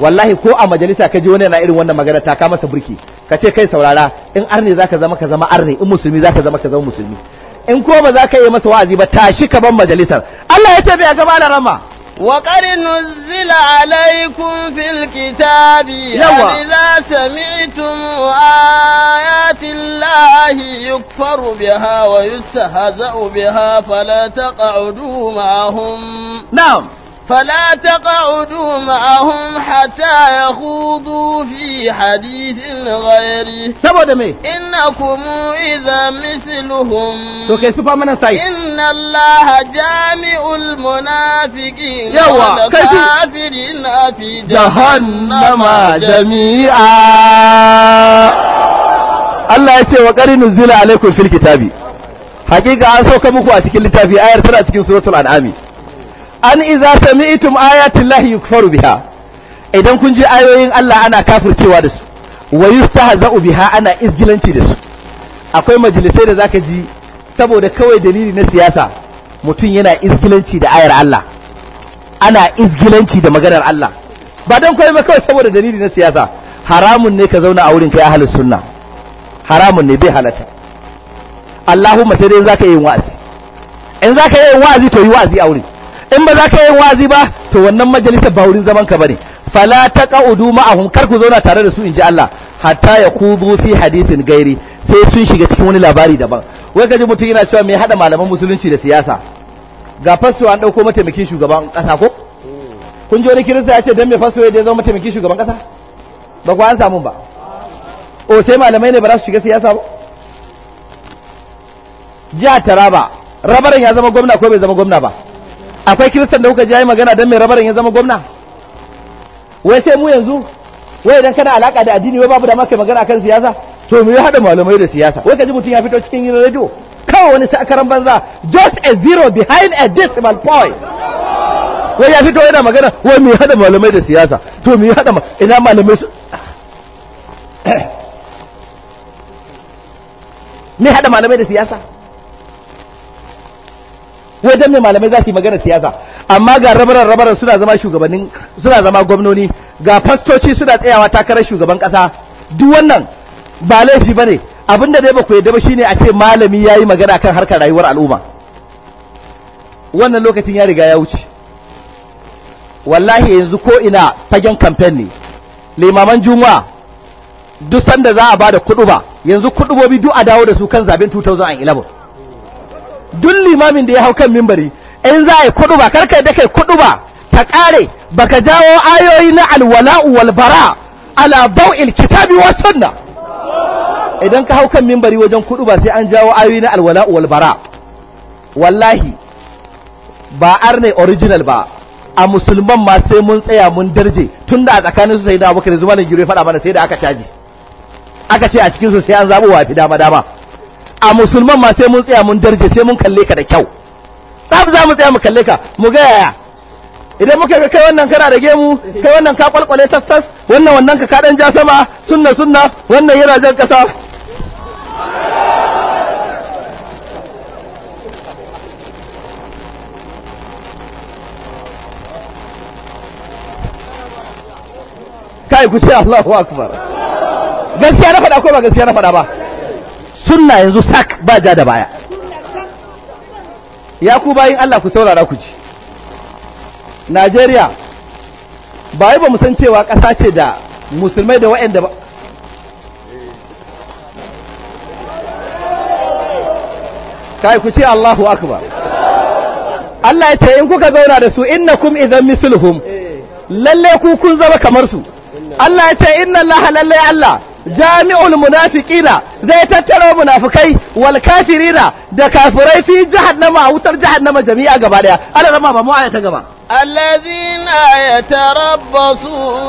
wallahi ko a majalisa ka ji wani yana irin wannan magana ta ka masa burki ka ce kai saurara in arne ka zama ka zama arne in musulmi ka zama ka zama musulmi in ko ba za ka yi masa wa'azi ba tashi ka ban majalisar Allah ya ce a gaba da rama wa qarinu zila alaykum fil kitabi idza sami'tum ayati llahi yukfaru biha wa yustahza'u biha fala taq'udu ma'ahum na'am فلا تقعدوا معهم حتى يخوضوا في حديث غيره saboda me innakum idza misluhum to kai su fa inna allaha jami'ul munafiqin yawa kai kafirina fi jahannama jami'a Allah ya ce wa qarinu zila alaikum fil kitabi hakika an sauka muku a cikin littafi ayar tana cikin suratul al'ami. an iza sami'tum ayatin lahi yukfaru biha idan kun ji ayoyin Allah ana kafircewa da su wa yustahza'u biha ana izgilanci da su akwai majalisai da zaka ji saboda kawai dalili na siyasa mutum yana izgilanci da ayar Allah ana izgilanci da maganar Allah ba dan kai ba kawai saboda dalili na siyasa haramun ne ka zauna a wurin kai ahlus sunna haramun ne bai halata Allahumma sai dai zaka yi wa'azi in zaka yi wa'azi to yi wa'azi a wurin in ba za ka yi wazi ba to wannan majalisar ba wurin zaman ka bane fala qa'udu ma'ahum kar ku zauna tare da su inji Allah hatta yaqudu fi hadithin gairi sai sun shiga cikin wani labari daban wai kaji mutum yana cewa me hada malaman musulunci da siyasa ga fasso an dauko mataimakin shugaban kasa ko kun ji wani kirista ya ce dan me fasto ya je zama mataimakin shugaban kasa ba ku an samu ba o sai malamai ne ba za su shiga siyasa ba jiha taraba rabarin ya zama gwamna ko bai zama gwamna ba akwai kiristan da kuka ji magana don mai rabarin ya zama gwamna wai sai mu yanzu wai idan kana alaka da addini wai babu da maka magana akan siyasa to mu yi haɗa malamai da siyasa wai ji mutum ya fito cikin yin radio kawai wani sakaran banza just a zero behind a decimal point wai ya fito yana magana wai mu yi haɗa malamai da siyasa to mu yi haɗa ina malamai su mai haɗa malamai da siyasa wai dan mai malamai za su yi magana siyasa amma ga rabaran rabaran suna zama shugabannin suna zama gwamnoni ga fastoci suna tsayawa takarar shugaban kasa duk wannan ba laifi bane abinda dai ba ku yadda ba shine a ce malami ya yi magana kan harkar rayuwar al'umma wannan lokacin ya riga ya wuce wallahi yanzu ko ina fagen kamfen ne limaman juma'a duk sanda za a ba bada kuɗuba yanzu kuɗubobi duk a dawo da su kan zaben 2011 duk limamin da ya hau kan mimbari in za a yi kudu ba karkai da kai kudu ba ta kare baka jawo ayoyi na alwala'u walbara ala bau'il kitabi wa sunna idan ka hau kan mimbari wajen kudu ba sai an jawo ayoyi na alwala'u walbara wallahi ba arne original ba a musulman ma sai mun tsaya mun darje tun da a tsakanin su sai da abokan zuma ne giro ya faɗa mana sai da aka caji aka ce a cikin su sai an zaɓo wa fi dama dama a musulman ma sai mun tsaya mun darje sai mun kalle ka da kyau tsaf za mu tsaya mu kalle ka mu ga yaya idan muka ga kai wannan kana da gemu kai wannan ka kwalkwale sassas wannan wannan ka kadan ja sama sunna sunna wannan yana jan ƙasa kai ku ce Allahu akbar gaskiya na faɗa ko ba gaskiya na faɗa ba sunna yanzu sak ba ja da baya ya ku bayin Allah ku saurara ku ji Najeriya ba yi ba mu san cewa ƙasa ce da musulmai da waɗanda ba kai ku ce Allahu akbar Allah ya ce in kuka zauna da su innakum idan misulhum lalle ku kun zama kamar su Allah ya ce inna Allah lalle Allah jami'ul munafiqina zai tattaro munafikai wal kafirina da kafirai fi jahannama a wutar jahannama jami'a gaba daya ana rama ba mu aya ta gaba Alladina ya taraba ba su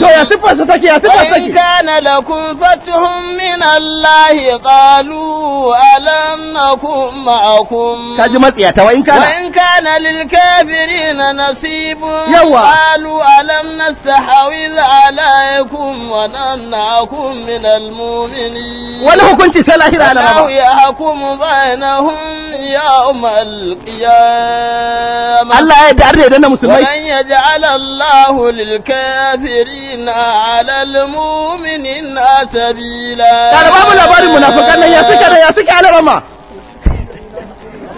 To ya sifa su take ya sifa su take. Ka na da kun fati hun Allah ya kalu alam na kuma a kun. Ka ji matsiya ta wayin kana. Wayin kana lilka biri na nasibu. Yawwa. Kalu alam na sahawi ala ya kun wana na kun min Wani hukunci ta lahira alama. Wani hukunci ta lahira alama. Wani hukunci ta lahira alama. Allah ya yarda da na musulmai wa ya ji Allah lil kafirina 'ala al mu'minina sabila kada babu labarin munafukan nan ya suka da ya suka alama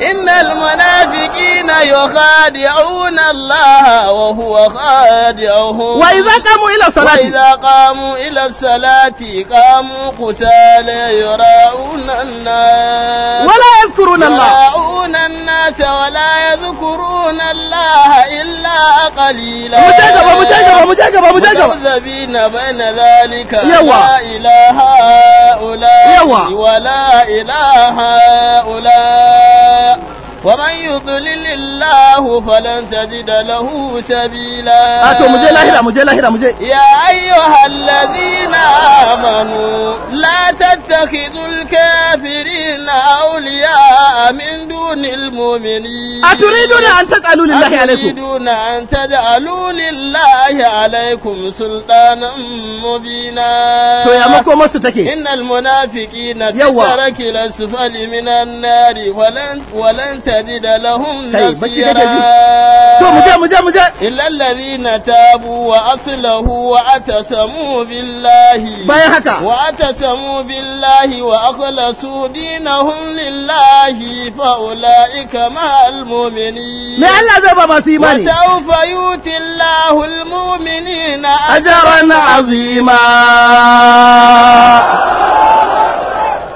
إن المنافقين يخادعون الله وهو خادعهم وإذا قاموا إلى الصلاة وإذا قاموا إلى الصلاة قاموا قتالى يراؤون الناس ولا يذكرون الله يراؤون الناس ولا يذكرون الله إلا قليلا مجاجبة مجاجبة مجاجبة مجاجبة مذبذبين بين ذلك لا إلى هؤلاء ولا إلى هؤلاء الآية ومن يضلل الله فلن تجد له سبيلا أتو مجي لاهرة مجي لاهرة مجي يا أيها الذين آمنوا لا تتخذوا الكافرين أولياء من دون المؤمنين أتريدون أن تجعلوا لله عليكم أتريدون أن تجعلوا لله عليكم سلطانا مبينا تو يا مكو مستكي إن المنافقين في الدرك الأسفل من النار ولن ولن تجد لهم نصيرا إلا الذين تابوا وأصلحوا وأتسموا بالله وأتسموا بالله وأخلصوا دينهم لله فأولئك مع المؤمنين وسوف يؤتي الله المؤمنين أجرا عظيما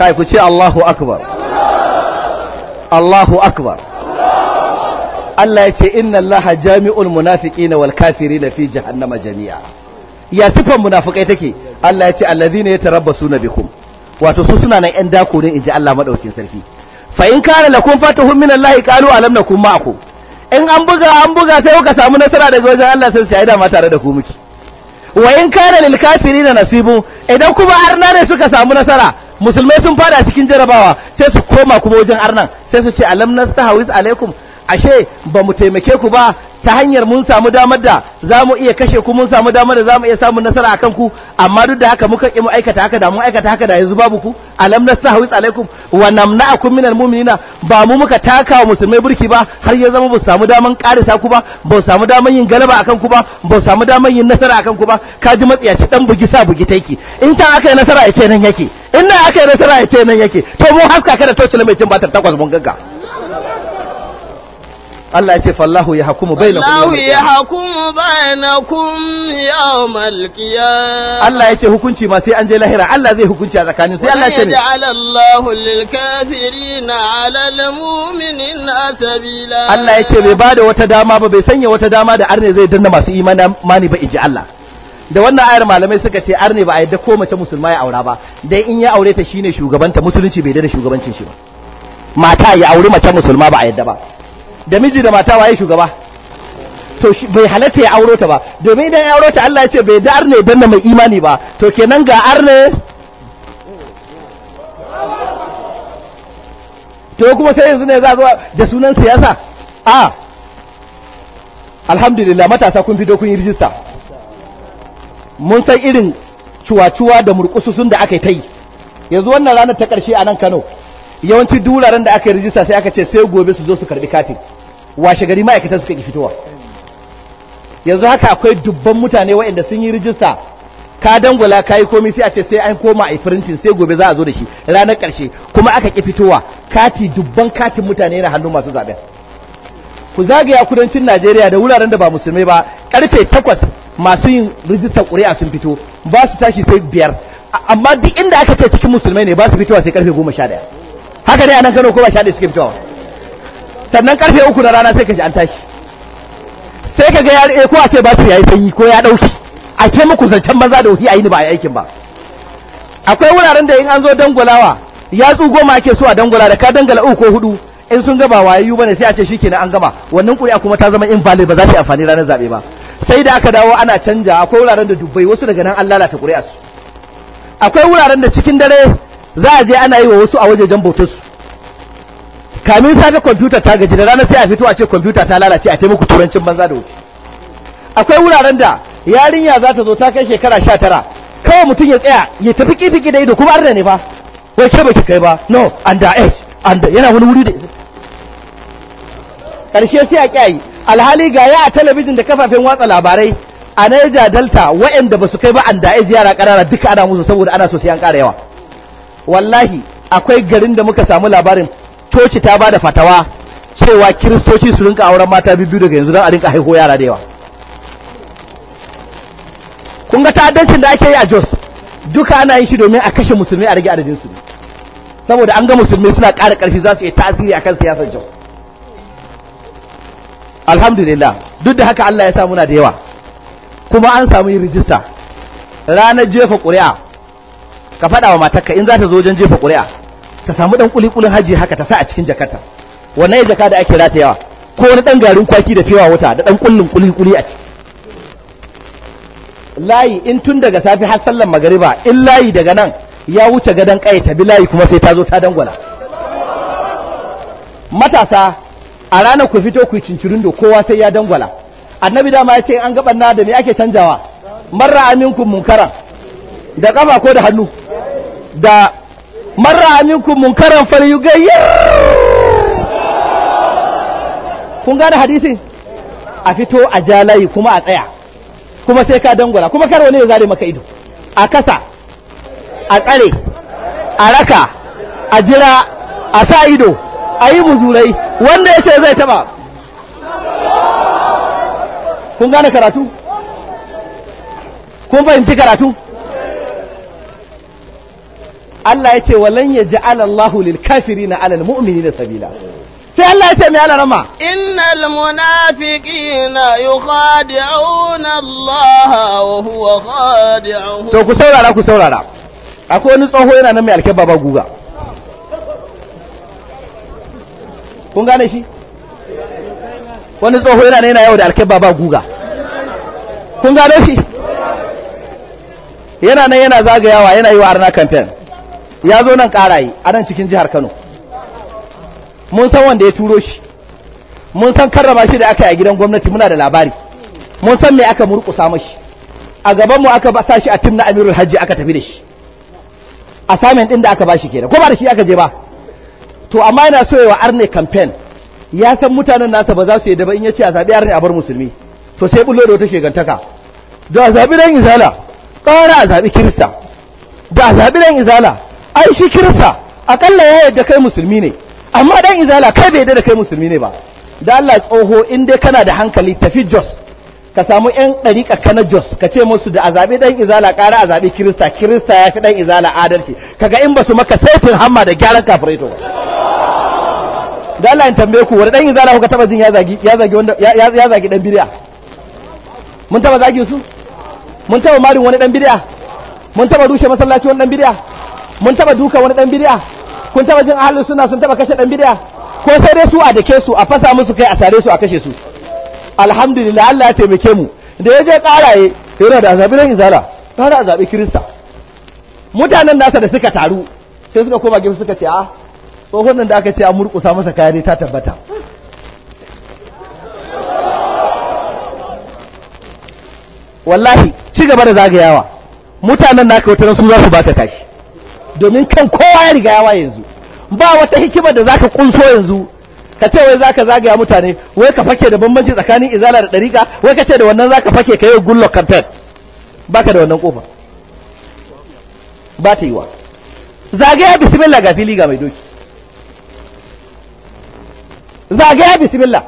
kai ku ce Allahu Akbar. Allahu akbar Allah ya ce inna Allah jami'ul munafiqina wal kafirina fi jahannama jami'a ya sifan munafikai take Allah ya ce allazina suna bikum wato su suna nan yan dako ne inji Allah madaukin sarki fa in kana lakum fatahun min Allah qalu alam nakum ma'akum in an buga an buga sai kuka samu nasara daga wajen Allah sai sai da ma tare da ku muke. wa in kana lil kafirina nasibu idan kuma arna ne suka samu nasara musulmai sun fada cikin jarabawa sai su koma kuma wajen arnan sai su ce alam nastahawiz alaikum ashe ba mu taimake ku ba ta hanyar mun samu damar da za mu iya kashe ku mun samu damar da za mu iya samun nasara a kanku amma duk da haka muka ƙi mu aikata haka da mun aikata haka da yanzu babu ku alam hawis alaikum wa namna'akum minal mu'minina ba mu muka taka wa musulmai burki ba har ya zama ba samu daman karisa ku ba ba samu daman yin galaba a kanku ba ba samu daman yin nasara a kanku ba ka ji matsiyaci dan bugi sa bugi taiki in ta aka yi nasara ya ce nan yake in na aka yi nasara ya ce nan yake to mu haska kada da tocila mai cin batar takwas mun gagga Allah ya ce fallahu ya hakumu bainakum Allahu ya hakumu bainakum yawmal qiyamah Allah ya ce hukunci ma sai an je lahira Allah zai hukunci a tsakanin sai Allah ya ce ne Allahu lil kafirina 'ala al mu'minina Allah ya ce bai bada wata dama ba bai sanya wata dama da arne zai danna masu imani ba inji Allah da wannan ayar malamai suka ce arne ba a yadda ko mace musulma ya aura ba dai in ya aure ta shine shugabanta musulunci bai da shugabancin shi ba mata ya auri mace musulma ba a yadda ba da miji da mata waye shugaba to bai halatta ya auro ta ba domin idan ya auro ta Allah ya ce bai da arne danna mai imani ba to kenan ga arne to kuma sai yanzu ne za zo da sunan siyasa a alhamdulillah matasa kun fito kun yi rijista mun san irin cuwa-cuwa da murkususun da aka yi ta yi yanzu wannan ranar ta ƙarshe a nan kano Yawancin duraren da aka yi rijista sai aka ce sai gobe su zo su karɓi katin washe gari ma'aikatan suka ki fitowa yanzu haka akwai dubban mutane waɗanda sun yi rijista ka dangula ka yi komi sai a ce sai an koma a firintin sai gobe za a zo da shi ranar ƙarshe kuma aka ƙi fitowa kati dubban katin mutane na hannun masu zaɓen ku zagaya kudancin najeriya da wuraren da ba musulmai ba ƙarfe takwas masu yin rijistar ƙuri'a sun fito ba su tashi sai biyar amma duk inda aka ce cikin musulmai ne ba su fitowa sai ƙarfe goma sha ɗaya haka ne a nan kano ko ba sha ɗaya suke fitowa sannan karfe uku na rana sai ka ji an tashi sai ka ga yare eh, ko a ce ba su yayi sanyi ko ya dauki a ce muku zancen maza da wuri a ni ba a yi aikin ba akwai wuraren da in an zo dangulawa ya tsu goma ake so a dangula da ka dangala uku ko hudu in sun gaba wayayyu bane sai a ce shikenan an gama wannan kuri'a kuma ta zama invalid ba za ta yi amfani ranar zabe ba sai da aka dawo ana canja akwai wuraren da dubbai wasu daga nan an lalata kuri'a su akwai wuraren da cikin dare za a je ana yi wa wasu a wajejen bautar su kamin safe kwamfuta ta gaji da ranar sai a fito a ce kwamfuta ta lalace a taimaka turancin banza da wuce akwai wuraren da yarinya za ta zo ta kai shekara sha tara kawai mutum ya tsaya ya tafi kifiki da ido kuma arna ne ba wai ke baki kai ba no under age under yana wani wuri da karshe sai a kyayi alhali ga ya a talabijin da kafafen watsa labarai a naija Delta waɗanda ba su kai ba under age yara karara duka ana musu saboda ana so sai an kara yawa wallahi akwai garin da muka samu labarin coci ta bada fatawa cewa kiristoci su rinka auren mata biyu daga yanzu don a rinka haihu yara da yawa kun ga ta'addancin da ake yi a Jos duka ana yin shi domin a kashe musulmi a rage adadin su saboda an ga musulmi suna ƙara ƙarfi za su yi tasiri akan siyasar Jos alhamdulillah duk da haka Allah ya samu na da yawa kuma an samu yin rijista ranar jefa ƙuri'a ka faɗa wa matarka in za ta zo wajen jefa ƙuri'a ta samu ɗan kulikulin haji haka ta sa a cikin jakarta wannan ya jaka da ake ratayawa ko wani dan garin kwaki da fewa wuta da dan ƙullin kulikuli a ciki layi in tun daga safi har sallar magariba in layi daga nan ya wuce gadon kai ta bi layi kuma sai ta zo ta dangwala matasa a ranar ku fito ku cincirin da kowa sai ya dangwala annabi dama ya ce an gaban na da me ake canjawa marra aminku munkara da kafa ko da hannu da من رأى منكم منكرا فليغير kun gane hadisin a fito a jalayi kuma a tsaya kuma sai ka dangwala kuma kar wani ya zare maka ido a kasa a tsare a raka a jira a sa ido a yi buzurai wanda ya ce zai taba kun gane karatu kun fahimci karatu Allah ya ce walan ya ji alallahu lil kafiri na alal mu'mini da sabila sai Allah ya ce mai ala rama innal munafiqina yukhadi'una Allah wa huwa khadi'uhum to ku saurara ku saurara akwai wani tsoho yana nan mai alkaba ba guga kun gane shi wani tsoho yana nan yana yau da alkaba ba guga kun gane shi yana nan yana zagayawa yana yi wa arna campaign ya zo nan karaye a nan cikin jihar kano mun san wanda ya turo shi mun san karrama shi da aka yi a gidan gwamnati muna da labari mun san me aka murkusa mashi a gabanmu aka ba shi a tim na amirul hajji aka tafi da shi a samin ɗin da aka ba shi kenan ko ba da shi aka je ba to amma yana so yawa arne campaign ya san mutanen nasa ba za su da ba in ya ce a zaɓi arne a bar musulmi to sai bullo da wata shegantaka da a zaɓi dan izala ƙara a zaɓi kirista da a zaɓi dan izala ai shi kirsa akalla ya yadda kai musulmi ne amma dan izala kai bai yadda kai musulmi ne ba da Allah tsoho in dai kana da hankali tafi jos ka samu yan ɗariƙa kana jos ka ce musu da a zaɓi ɗan izala ƙara a zaɓi kirista kirista ya fi ɗan izala adalci kaga in ba su maka saifin hamma da gyaran kafirai to da Allah in tambaye ku wani ɗan izala kuka taɓa jin ya zagi ya zagi wanda ya zagi ɗan bidiya mun taɓa zagin su mun taɓa marin wani ɗan bidiya mun taɓa rushe masallaci wani ɗan bidiya mun taba duka wani dan bid'a kun taba jin ahlus sunna sun taba kashe dan bid'a ko sai dai su a dake su a fasa musu kai a sare su a kashe su alhamdulillah Allah ya taimake mu da yaje karaye yana da azabi ran izala kana azabi kirista mutanen nasa da suka taru sai suka koma gefe suka ce a ah, tsohon nan da aka ce a murkusa masa kaya ne ta tabbata wallahi ci gaba da zagayawa mutanen naka wata su za su ta tashi domin kan kowa ya riga yawa yanzu ba wata hikima da zaka kunso yanzu ka ce wai zaka zagaya mutane wai ka fake da bambanci tsakanin izala da dariƙa wai ka ce da wannan zaka fake kai gullo campaign baka da wannan kofa ba ta yi wa zagaya bismillah ga fili ga mai doki zagaya bismillah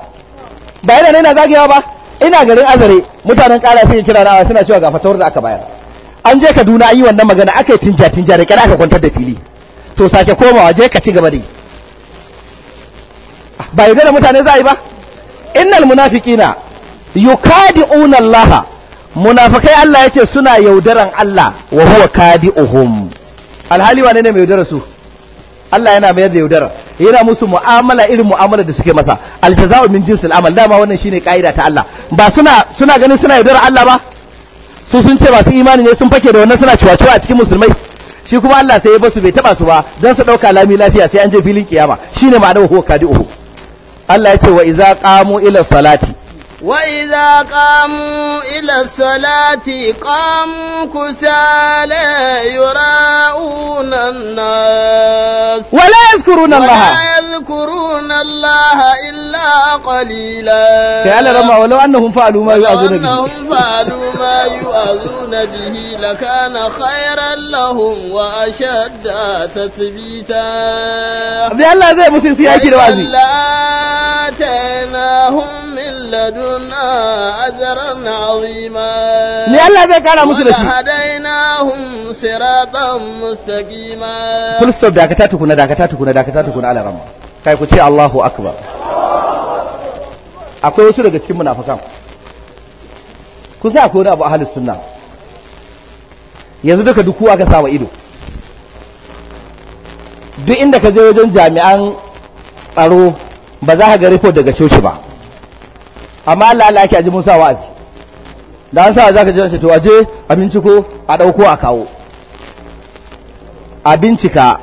ba yana ne na zagayawa ba ina garin azare mutanen ƙara sun kira na suna cewa ga fatawar da aka bayar an je kaduna an yi wannan magana aka yi tinja tinja da kyar aka kwantar da fili to sake komawa je ka ci gaba da yi ah, ba yi da mutane za a yi ba innal munafiqina yukadi'una Allah munafikai Allah ce suna yaudaran Allah wa huwa kadi'uhum alhali wane ne mai yaudara su Allah yana mayar da yaudara yana musu mu'amala irin mu'amala da suke masa aljaza'u min jinsil amal dama wannan shine kaida ta Allah ba suna suna ganin suna yaudara Allah ba su sun ce masu imani ne sun fake da wannan suna cuwa-cuwa a cikin musulmai shi kuma Allah sai ya basu bai taba su ba don su ɗauka lami lafiya sai an je filin kiyama shine ma'anar huwa kadi uhu Allah ya ce wa iza qamu ila salati وإذا qamu ila salati qam kusala yurauna nas wala yazkuruna allah wala يذكرون الله إلا قليلا تعالى رمى ولو أنهم فعلوا ما يؤذون به أنهم فعلوا ما يؤذون به لكان خيرا لهم وأشد تثبيتا أبي الله زي مسلم في أكل وازي آتيناهم من لدنا أجرا عظيما لألا زي كان مسلم وهديناهم صراطا مستقيما فلسطة داكتاتكنا داكتاتكنا داكتاتكنا على رمى kai ku ce Allahu akbar akwai wasu daga cikin munafikan ku sa akwai wani abu ahlus sunna yanzu duka duk kowa ka sawa ido duk inda ka je wajen jami'an tsaro ba za ka ga report daga coci ba amma Allah Allah yake aji mun sa wa'azi da an sa za ka ji wance to aje a binciko a dauko a kawo a bincika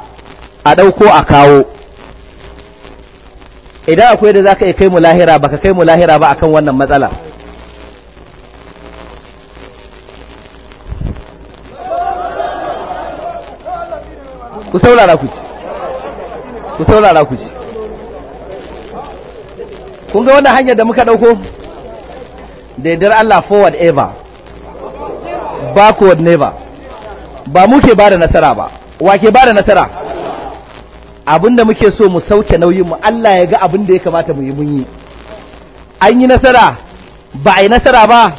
a ɗauko a kawo idan akwai da za ka iya kai mu lahira baka kai mu lahira ba akan wannan matsala ku saurara ku ci ku saurara ku ci kun ga wannan hanyar da muka ɗauko daidar Allah forward ever backward never ba mu ke ba da nasara ba wa ke ba da nasara da muke so mu sauke nauyin mu Allah ya ga abin da ya kamata mu yi mun yi an yi nasara ba a yi nasara ba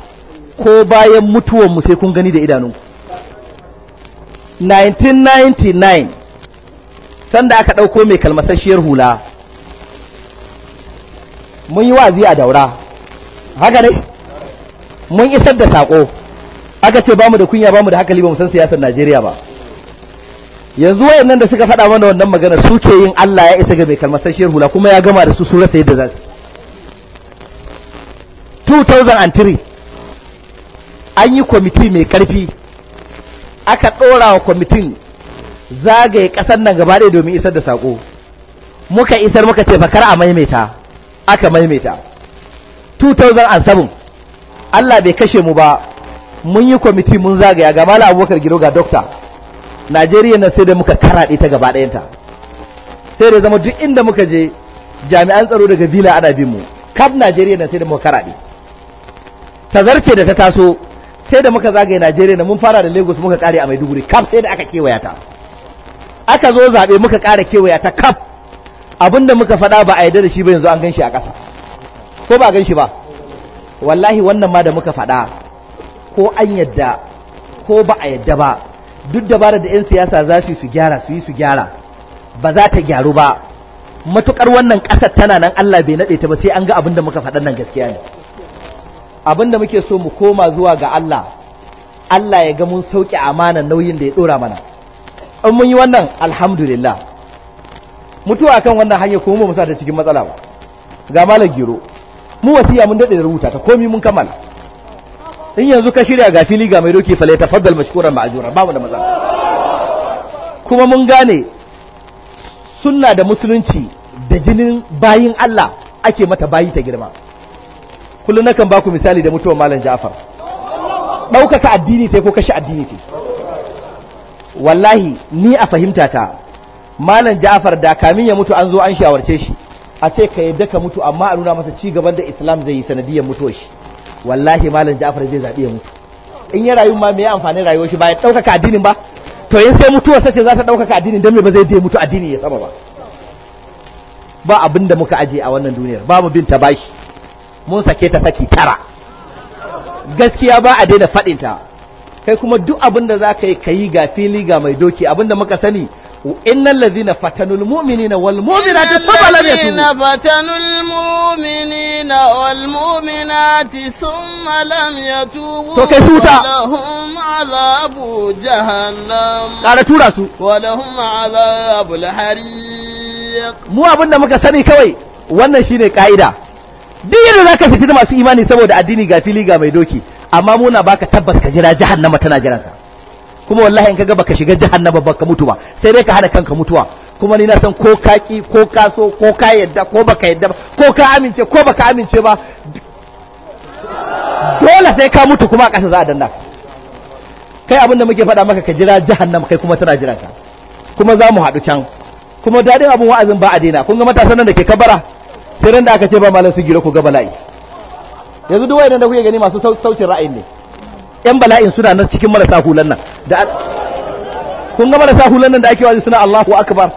ko bayan mutuwan mu sai kun gani da idanunku 1999 sanda aka ɗauko mai kalmasasshiyar hula mun yi wazi a daura haka ne mun isar da sako aka ce bamu da kunya bamu da hakali ba mu san siyasar Najeriya ba yanzu wayannan da suka faɗa mana wannan magana suke yin Allah ya isa ga mai kalmasar shehu hula kuma ya gama da su sura rasa yadda zasu 2003 an yi kwamiti mai karfi aka ɗora wa kwamitin zagaye ƙasar nan gaba ɗaya domin isar da saƙo muka isar muka ce fakar a maimaita aka maimaita 2007 Allah bai kashe mu ba mun yi kwamiti mun zagaya ga mala abubakar giro ga dokta Najeriya nan sai da muka karaɗe ta gaba ɗayanta sai da zama duk inda muka je jami'an tsaro daga bila ana bin mu kaf Najeriya nan sai da muka karaɗe tazarce da ta taso sai da muka zagaye Najeriya na mun fara da Lagos muka kare a Maiduguri kaf sai da aka kewaya ta aka zo zaɓe muka kare kewaya ta kaf da muka faɗa ba a yarda da shi ba yanzu an ganshi a ƙasa ko ba a ganshi ba wallahi wannan ma da muka faɗa ko an yadda ko ba a yadda ba duk dabara da 'yan siyasa za su yi su gyara su yi su gyara ba za ta gyaru ba matukar wannan ƙasar tana nan Allah bai nade ta ba sai an ga abin da muka faɗa nan gaskiya ne abin da muke so mu koma zuwa ga Allah Allah ya ga mun sauke amanan nauyin da ya dora mana in mun yi wannan alhamdulillah mutuwa akan wannan hanya kuma mu sa ta cikin matsala ba ga malam giro mu wasiya mun daɗe da rubuta ta komi mun kammala in yanzu ka shirya ga fili ga mai doki fale faddal mashkuran ma'ajura babu da matsala kuma mun gane sunna da musulunci da jinin bayin Allah ake mata bayi ta girma kullum nakan ba ku misali da mutuwar malam Ja'far ɗaukaka addini sai ko kashe addini ce wallahi ni a fahimta ta malam Ja'far da kamin ya mutu an zo an shawarce shi a ce ka yadda ka mutu amma a nuna masa ci gaban da Islam zai yi sanadiyar mutuwar shi wallahi malam Ja'far zai zabi ya mutu in ya rayu ma me ya amfani rayuwar shi ba ya daukaka addinin ba to in sai mutuwa sace za ta daukaka addinin dan me ba zai je mutu addini ya saba ba ba abin da muka aje a wannan duniyar ba mu bin ta bashi mun sake ta saki tara gaskiya ba a daina faɗin ta kai kuma duk abin da za ka yi ka yi ga fili ga mai doki abin da muka sani إن الذين فتنوا المؤمنين والمؤمنات ثم لم يتوبوا الذين فتنوا المؤمنين والمؤمنات ثم لم يتوبوا ولهم عذاب جهنم قال تورا سو ولهم عذاب الحريق مو abinda muka sani kawai wannan shine kaida duk yadda zaka fitina masu imani saboda addini ga fili ga mai doki amma muna baka tabbas ka jira jahannama tana jiranka kuma wallahi in kaga baka shiga jahannama baka mutu ba sai dai ka hana kanka mutuwa kuma ni na san ko ka ki ko ka so ko ka yadda ko baka yadda ba ko ka amince ko baka amince ba dole sai ka mutu kuma a ƙasa za a danna kai abin da muke faɗa maka ka jira jahannama kai kuma tana jira ka kuma za mu haɗu can kuma daɗin abin wa'azin ba a daina kun ga matasan nan da ke kabara sai ran da aka ce ba malam su gira ku ga bala'i yanzu duk wayannan da kuke gani masu saucin ra'ayin ne yan bala'in suna nan cikin marasa hulan nan da kun ga marasa hulan nan da ake wazi suna Allahu akbar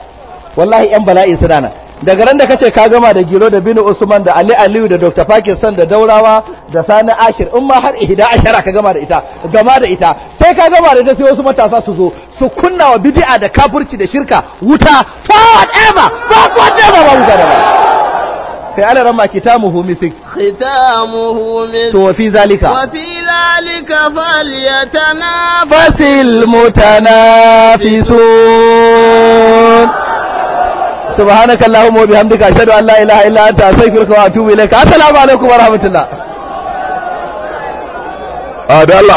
wallahi yan bala'in suna nan daga ran da kace ka gama da giro da Bini usman da ali aliyu da dr pakistan da daurawa da sani ashir in ma har ihda ashara ka gama da ita gama da ita sai ka gama da ita sai wasu matasa su zo su kunna wa bid'a da kafirci da shirka wuta forward ever backward never ba wuta da ba sai ala rama kitamuhu misik ختامه مسك وفي ذلك وفي ذلك فليتنافس المتنافسون سبحانك اللهم وبحمدك أشهد أن لا إله إلا أنت أستغفرك وأتوب إليك السلام عليكم ورحمة الله هذا آه، الله